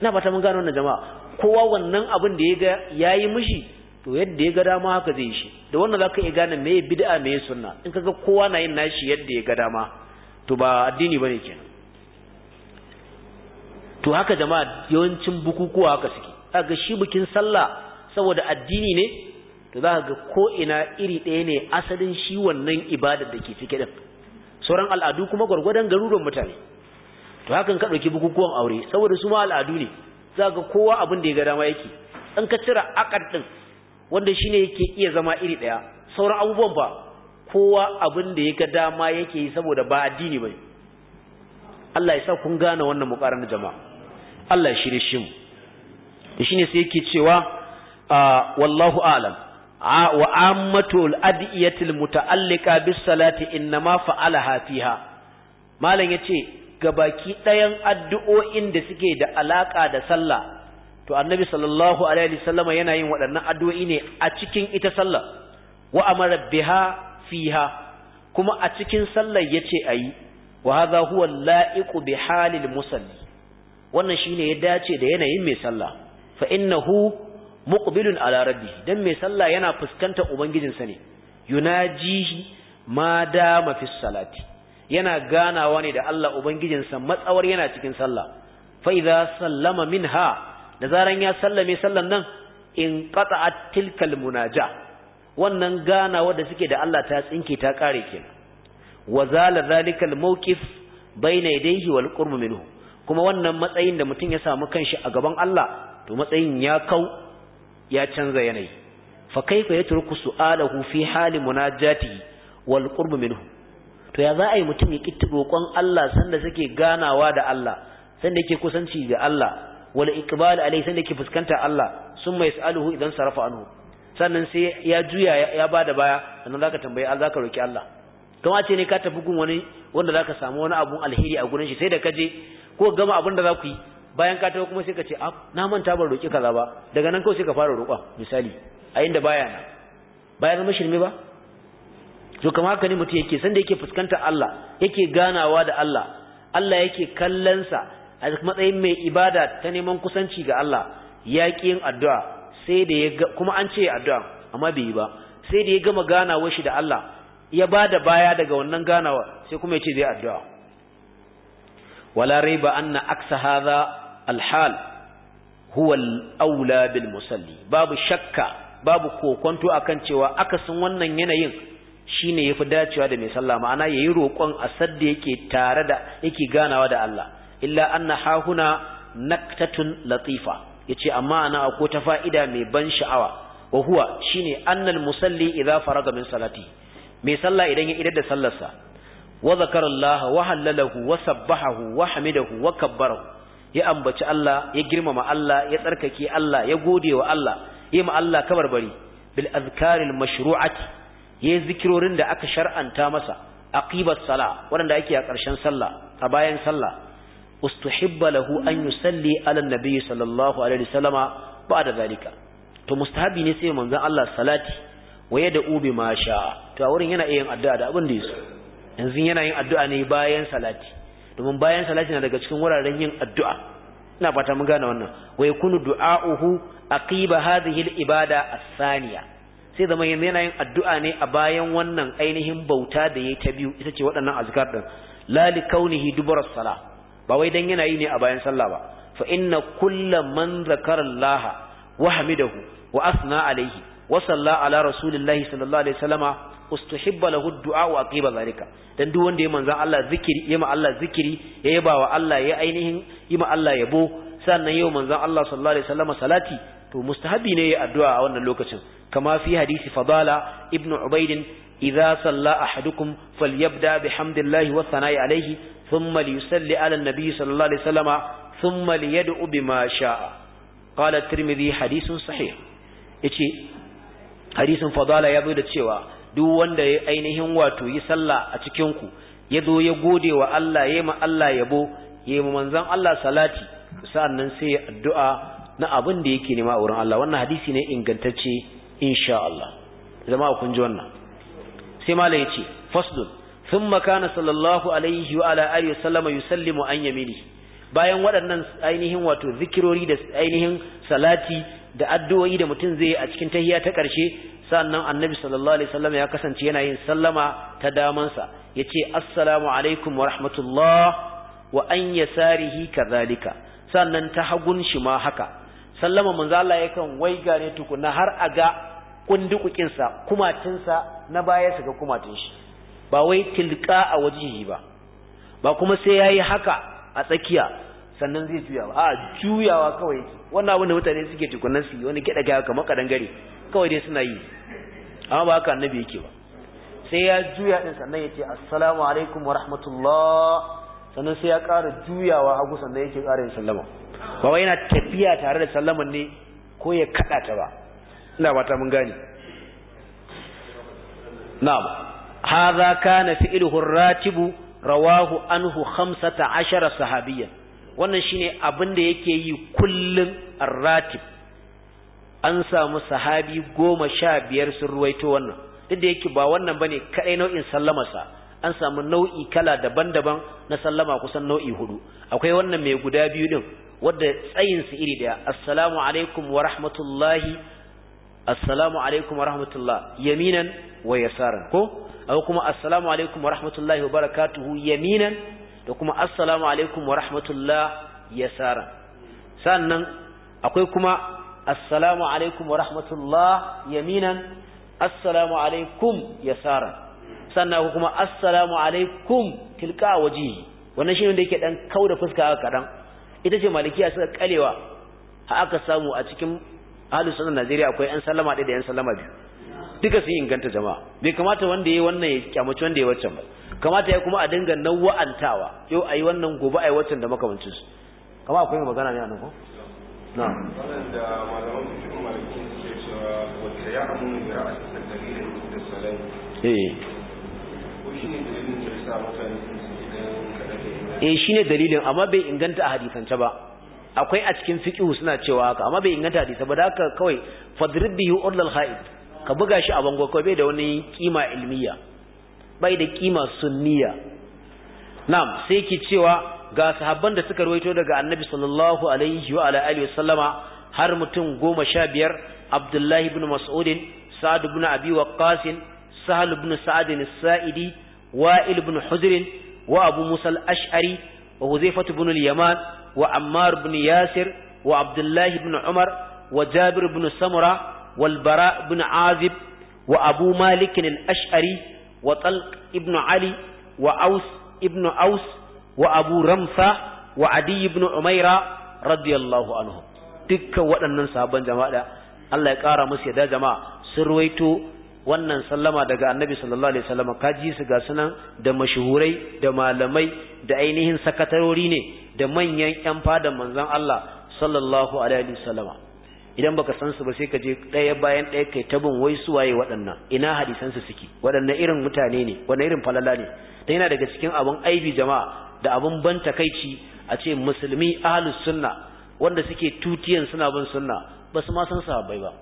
na fata mun gano wannan jama'a kowa wannan abin da ya ga yayi mishi to yadda ya ga dama haka zai shi da wannan zaka iya gane me bid'a me sunna in ka ga kowa na yin nashi yadda ya ga dama to ba addini bane kenan to haka jama'a yawancin bukukuwa haka suke kaga shi bikin sallah saboda addini ne to za ga ko ina iri ɗaya ne asalin shi wannan ibadar da ke cike din sauran al'adu kuma gwargwadon garuruwan mutane to hakan ka ɗauki bukukuwan aure saboda su ma al'adu ne za ga kowa abin da ya ga dama yake in ka cira akad din wanda shine yake iya zama iri ɗaya sauran abubuwan ba kowa abin da ya ga dama yake yi saboda ba addini bane Allah ya sa kun gane wannan muƙaran jama'a Allah ya shirye shi mu shine sai yake cewa wallahu a'lam wa ammatul adiyatil muta'alliqa bis salati innama fa'alaha fiha malam yace gabaki ɗayan addu'o'in da suke da alaka da sallah to annabi sallallahu alaihi wasallama yana yin waɗannan addu'o'i ne a cikin ita sallah wa amara biha fiha kuma a cikin sallar yace ayi wa hadha huwa la'iqu bi halil musalli wannan shine ya dace da yanayin mai sallah fa innahu muqbilun ala rabbihi dan mai sallah yana fuskantar ubangijinsa ne yunajihi ma dama fi salati yana ganawa ne da Allah ubangijinsa matsawar yana cikin sallah fa idza sallama minha da zaran ya sallame sallan nan in qata'at tilkal munaja wannan ganawa da suke da Allah ta tsinke ta kare ke. wa zala zalikal mawqif baina yadayhi wal qurb minhu kuma wannan matsayin da mutum ya samu kanshi a gaban Allah to matsayin ya kau ya canza yanayi fa kaifa yatruku su'alahu fi hali munajati wal qurb minhu to ya za a yi mutum ya kitti roƙon Allah sanda suke ganawa da Allah sanda yake kusanci ga Allah wal iqbal alai sanda yake fuskanta Allah summa yasaluhu idan sarafa anhu sannan sai ya juya ya ba da baya sannan za ka tambaye za ka roƙi Allah kama ce ne ka tafi gun wani wanda za ka samu wani abun alheri a gurin shi sai da ka je ko gama abin da za ku yi bayan ka tafi kuma sai ka ce a ah, na manta ban roki kaza ba daga nan kawai sai ka fara roƙon. misali a inda baya na baya zama shirme ba to kama haka ne mutum yake Sanda yake fuskantar Allah yake ganawa da Allah Allah yake kallon a matsayin mai ibada ta neman kusanci ga Allah yaƙin addu'a sai da ya kuma an ce addu'a amma bai yi ba sai da ya gama ganawa shi da Allah ya bada baya daga wannan ganawa sai kuma ya ce zai addu'a wala raiba anna aksa hadha alhal huwa alawla bil musalli babu shakka babu kokonto akan cewa akasin wannan yanayin shine yafi dacewa da mai sallah ma'ana yayi roƙon a sadda yake tare da yake ganawa da Allah illa anna hahuna naktatun latifa yace amma ana ko ta fa'ida mai ban sha'awa wa huwa shine annal musalli idza faraga min salati mai sallah idan ya idar da sallarsa wa zakara Allah wa hallalahu wa sabbahahu wa hamidahu wa kabbarahu ya ambaci Allah ya girmama Allah ya tsarkake Allah ya gode wa Allah ya ma Allah kabarbari bil azkaril mashru'ati ya zikirorin da aka shar'anta masa aqibat sala wanda ake a ƙarshen sallah a bayan sallah ustuhibba lahu an yusalli ala nabi sallallahu alaihi wasallama ba'da zalika to mustahabi ne sai manzon Allah salati waye da ubi ma sha'a to a wurin yana yin addu'a da abin da yaso yanzu yana yin addu'a ne bayan salati domin bayan salati na daga cikin wuraren yin addu'a ina fata mun gane wannan waye kunu du'a'uhu aqiba hadhihi al-ibada as-saniya sai zama yana yin addu'a ne a bayan wannan ainihin bauta da yayi ta biyu ita ce waɗannan azkar din la li kaunihi dubara salah ba wai dan yana yi ne a bayan sallah ba fa inna kulla man zakara Allah wa hamidahu wa asna alayhi wa salla ala rasulillahi sallallahu alaihi wasallama ustuhibba lahu du'a wa aqiba zalika dan duk wanda ya manzo Allah zikiri ya ma Allah zikiri ya yaba wa Allah ya ainihin yi ma Allah yabo sannan yau manzo Allah sallallahu alaihi wasallama salati to mustahabi ne ya addu'a a wannan lokacin kama fi hadisi fadala ibnu ubaidin idza salla ahadukum falyabda bihamdillahi wa thana'i alayhi ثم ليصلي على النبي صلى الله عليه وسلم ثم ليدعو بما شاء قال الترمذي حديث صحيح yace hadisin fadala ya zo da cewa duk wanda ya ainihin wato yi sallah a cikin ku ya zo ya gode wa Allah ya ma Allah yabo ya ma manzon Allah salati nan sai ya addu'a na abin da yake nema a wurin Allah wannan hadisi ne ingantacce insha Allah Zama a kunji wannan sai malai ce faslun ثم كان sallallahu alaihi wa وعلى اله وسلم يسلم عن yamini bayan waɗannan ainihin wato zikirori da ainihin salati da addu'o'i da mutum zai a cikin tahiya ta ƙarshe sannan annabi sallallahu alaihi wasallam ya kasance yana yin sallama ta damansa yace assalamu alaikum wa rahmatullah wa an yasarihi kadhalika sannan ta hagun shi ma haka sallama manzo Allah kan wai ne tukuna har a ga kundukukin sa kumatinsa na baya su ga kumatin shi ba wai tilka a wajihi ba ba kuma sai yayi haka a tsakiya sannan zai juya ba a juyawa kawai wannan abin da mutane suke tukunan su wani kida ga kamar kadangare kawai dai suna yi amma ba haka annabi yake ba sai ya juya din sannan yace assalamu alaikum wa rahmatullah sannan sai ya ƙara juyawa hagu sannan yake ƙara yin sallama ba wai yana tafiya tare da sallaman ne ko ya kada ta ba ina ba ta mun gane na'am hadha kana fi'luhu ratibu rawahu anhu 15 sahabiyan wannan shine abin da yake yi kullum ar-ratib an samu sahabi goma sha biyar sun ruwaito wannan duk da yake ba wannan bane kadai nau'in sallamarsa an samu nau'i kala daban-daban na sallama kusan nau'i hudu akwai wannan mai guda biyu din wadda tsayin su iri daya assalamu alaikum wa rahmatullahi assalamu alaikum wa rahmatullah yaminan wa yasaran ko akwai kuma assalamu alaikum wa rahmatullahi wa barakatuhu yaminan da kuma assalamu alaikum wa rahmatullah yasara sannan akwai kuma assalamu alaikum wa rahmatullah yaminan assalamu alaikum yasara sannan akwai kuma assalamu alaikum tilka wajihi wannan shine da yake dan da fuska haka kadan ita ce malikiya suka kalewa ha aka samu a cikin ahlus sunna Najeriya akwai yan sallama da yan sallama biyu duka su inganta jama'a bai kamata wanda yayi wannan ya kyamaci wanda ya waccan ba kamata ya kuma a dinga antawa yau ayi wannan gobe ayi waccan da makamancin su kama akwai magana ne a nan ko na wannan da malaman fikihu ce suke cewa wata ya amunu bi ra'asi da salai eh ko shine dalilin da yasa mutane suke da eh shine dalilin amma bai inganta a hadisance ba akwai a cikin fiqhu suna cewa haka amma bai inganta hadisi ba da haka kawai fadrib bihi urlal haid ka buga shi a bango ko bai da wani kima ilmiya bai da kima sunniya na'am sai ki cewa ga sahabban da suka ruwaito daga annabi sallallahu alaihi wa ala alihi wasallama har mutum goma sha biyar abdullahi ibn mas'udin sa'ad ibn abi waqqas sahal ibn sa'ad as-sa'idi wa'il ibn hudr wa abu musa al-ash'ari wa huzaifah ibn al-yaman wa ammar ibn yasir wa abdullahi ibn umar wa jabir ibn samura والبراء بن عازب وأبو مالك الأشعري وطلق ابن علي وأوس ابن أوس وأبو رمثة وعدي بن عميرة رضي الله عنهم دكا ya ƙara جماعة الله يقارى مسيدا جماعة سرويتو wannan sallama daga annabi sallallahu alaihi wasallam kaji su ga sunan da mashuhurai da malamai da ainihin sakatarori ne da manyan yan fada manzon Allah sallallahu alaihi wasallama idan baka san su ba sai ka je ɗaya bayan ɗaya kai ta bin wai su waye waɗannan ina hadisan su suke waɗannan irin mutane ne wani irin falala ne dan yana daga cikin abun aibi jama'a da abun ban takaici a ce musulmi ahlus sunna wanda suke tutiyan suna bin sunna ba su ma san sahabbai ba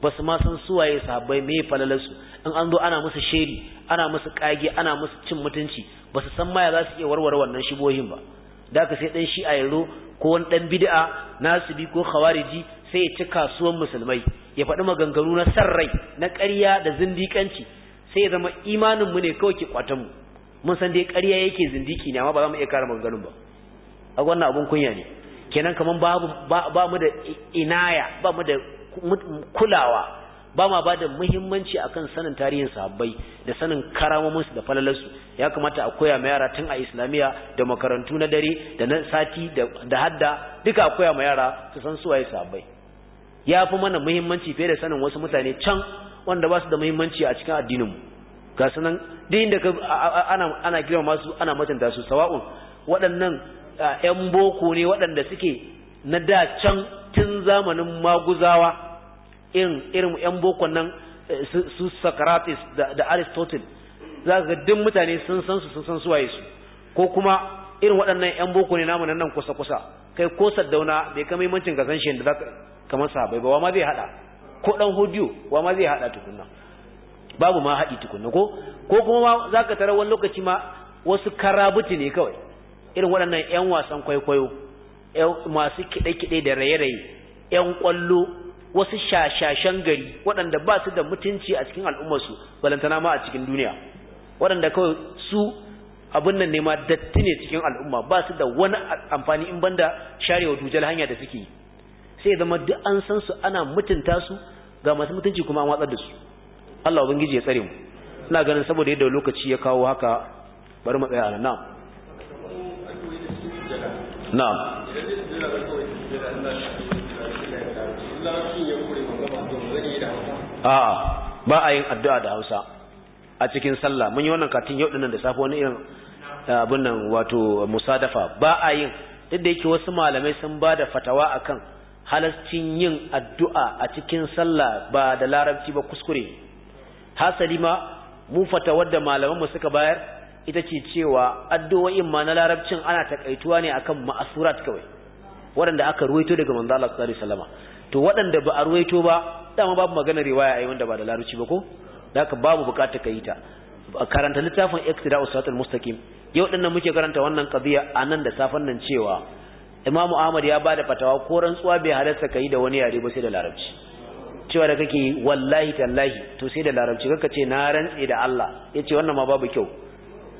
ba su ma san su waye sahabbai me falalar su in an zo ana musu sheri ana musu kage ana musu cin mutunci ba su san ma ya za su iya warware wannan shibohin ba da ka sai dan a yaro ko wani dan bid'a nasibi ko khawariji sai ya ci kasuwan musulmai ya faɗi maganganu na san rai, na ƙarya da zindikanci, sai ya zama imaninmu ne kawai ke mu. mun san dai ƙarya yake zindiki ne amma ba za mu iya kare maganganun ba a wannan abun kunya ne kenan kamar babu ba mu da inaya ba mu da kulawa ba ma ba da muhimmanci akan sanin tarihin sahabbai da sanin karamominsu da falalarsu ya kamata a koya ma yara tun a islamiyya da makarantu na dare da na sati da hadda duka a koya ma yara su san su sahabbai ya fi mana muhimmanci fiye da sanin wasu mutane can wanda ba su da muhimmanci a cikin addininmu ga sanan nan duk inda ana ana girma masu ana mutunta su sawa'un waɗannan ƴan boko ne waɗanda suke na da can tun zamanin maguzawa irin irin ƴan bokon nan eh, su Socrates da Aristotle za ga duk mutane sun san su sun san su waye su ko kuma irin waɗannan ƴan boko ne namu nan kusa kusa kai ko saddauna bai kamai mancin ka san shi da zaka kamar sahabai ba ma zai hada ko dan hodiyo ba ma zai hada tukunna babu ma haɗi tukunna ko ko kuma za ka tara wani lokaci ma wasu karabuti ne kawai irin waɗannan 'yan wasan kwaikwayo masu kiɗe-kiɗe da raye-raye 'yan ƙwallo wasu shashashen gari waɗanda ba su da mutunci a cikin al'ummarsu balantana ma a cikin duniya waɗanda kawai su abin nan ne ma datti ne cikin al'umma ba su da wani amfani in banda sharewa dujal hanya da suke yi sai zama duk an san su ana mutunta su ga masu mutunci kuma an watsar da su Allah ubangiji ya tsare mu ina ganin saboda yadda lokaci ya kawo haka bari mu tsaya nan na'am a ba a yin addu'a da Hausa a cikin sallah mun yi wannan katin yau dinnan da safe wani irin eh, abun nan wato musadafa ba a yin duk da yake wasu malamai sun ba da fatawa akan halascin yin addu'a a cikin sallah ba da larabci ba kuskure hasali ma mu fata da malamanmu suka bayar ita ce cewa addu'o'in ma na larabcin ana takaituwa ne akan ma'asurat kawai waɗanda aka ruwaito daga manzo tsari salama to waɗanda ba a ruwaito ba dama babu magana riwaya yi wanda ba da larabci ba ko Da ka babu bukata yi ta karanta littafin iqtida'us siratal mustaqim yau dinnan muke karanta wannan a nan da safan nan cewa Imamu Ahmad ya bada fatawa ko rantsuwa bai halarta kai da wani yare ba sai da larabci cewa da kake wallahi tallahi to sai da larabci kaka ce na rantse da Allah ya ce wannan ma babu kyau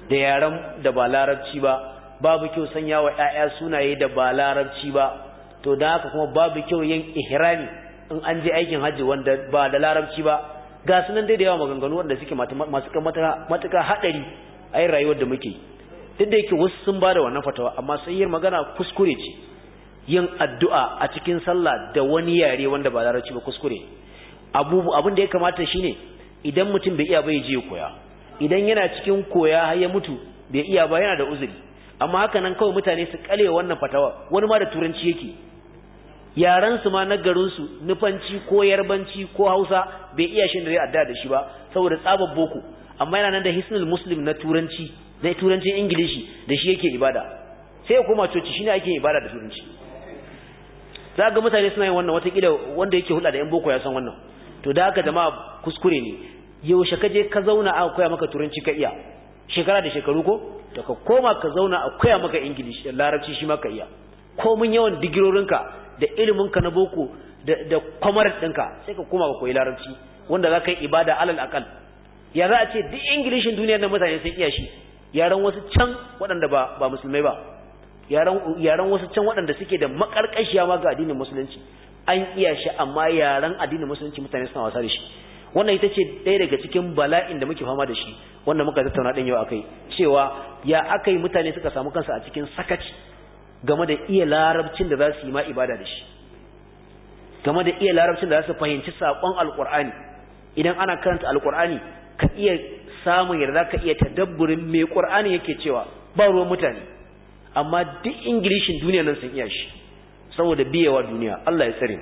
da yaran da ba larabci ba babu kyau sanya wa ƴaƴa sunaye da ba larabci ba to da haka kuma babu kyau yin ihrami in an je aikin hajji wanda ba da larabci ba ga sunan dai da yawa maganganu wanda suke masu matuƙa haɗari a yin rayuwar da muke duk da yake wasu sun ba da wannan fatawa amma sahihiyar magana kuskure ce yin addu'a a cikin sallah da wani yare wanda ba larabci ba kuskure abu abin da ya kamata shine idan mutum bai iya bai je koya idan yana cikin koya har ya mutu bai iya ba yana da uzuri amma haka nan kawai mutane su kale wannan fatawa wani ma da turanci yake yaran su ma na garin su nufanci ko yarbanci ko Hausa bai iya shin da addu'a da shi ba saboda tsabar boko amma yana nan da hisnul muslim na turanci da turancin ingilishi da shi yake ibada sai ya koma coci shine ake ibada da turanci za ga mutane suna yin wannan watakila wanda yake hulɗa da yan boko ya san wannan to da aka jama'a kuskure ne yaushe ka je ka zauna a koya maka turanci ka iya shekara da shekaru ko to ka koma ka zauna a koya maka ingilishi da larabci shi maka iya komun yawan digirorinka da iliminka na boko da kwamar ɗinka sai ka koma ka koyi larabci wanda za ka yi ibada alal akal ya za a ce duk ingilishin duniyar na mutane sun iya shi yaran wasu can waɗanda ba ba musulmai ba yaran yaran wasu can waɗanda suke da makarƙashiya ma ga addinin musulunci an iya shi amma yaran addinin musulunci mutane suna wasa da shi wannan ita ce ɗaya daga cikin bala'in da muke fama da shi wanda muka tattauna ɗin yau akai cewa ya akai mutane suka samu kansu a cikin sakaci game da iya larabcin da za su yi ma ibada da shi game da iya larabcin da za su fahimci saƙon alƙur'ani idan ana karanta alƙur'ani ka iya samun yadda zaka iya tadabburin me Qur'ani yake cewa ba ruwan mutane amma duk Ingilishin duniya nan sun iya shi saboda biyewa duniya Allah ya tsare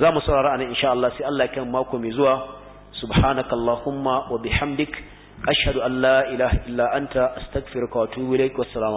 za mu saurara anan insha Allah sai Allah kan mako mai zuwa subhanakallahumma wa bihamdik ashhadu an la ilaha illa anta astaghfiruka wa atubu ilaik wassalamu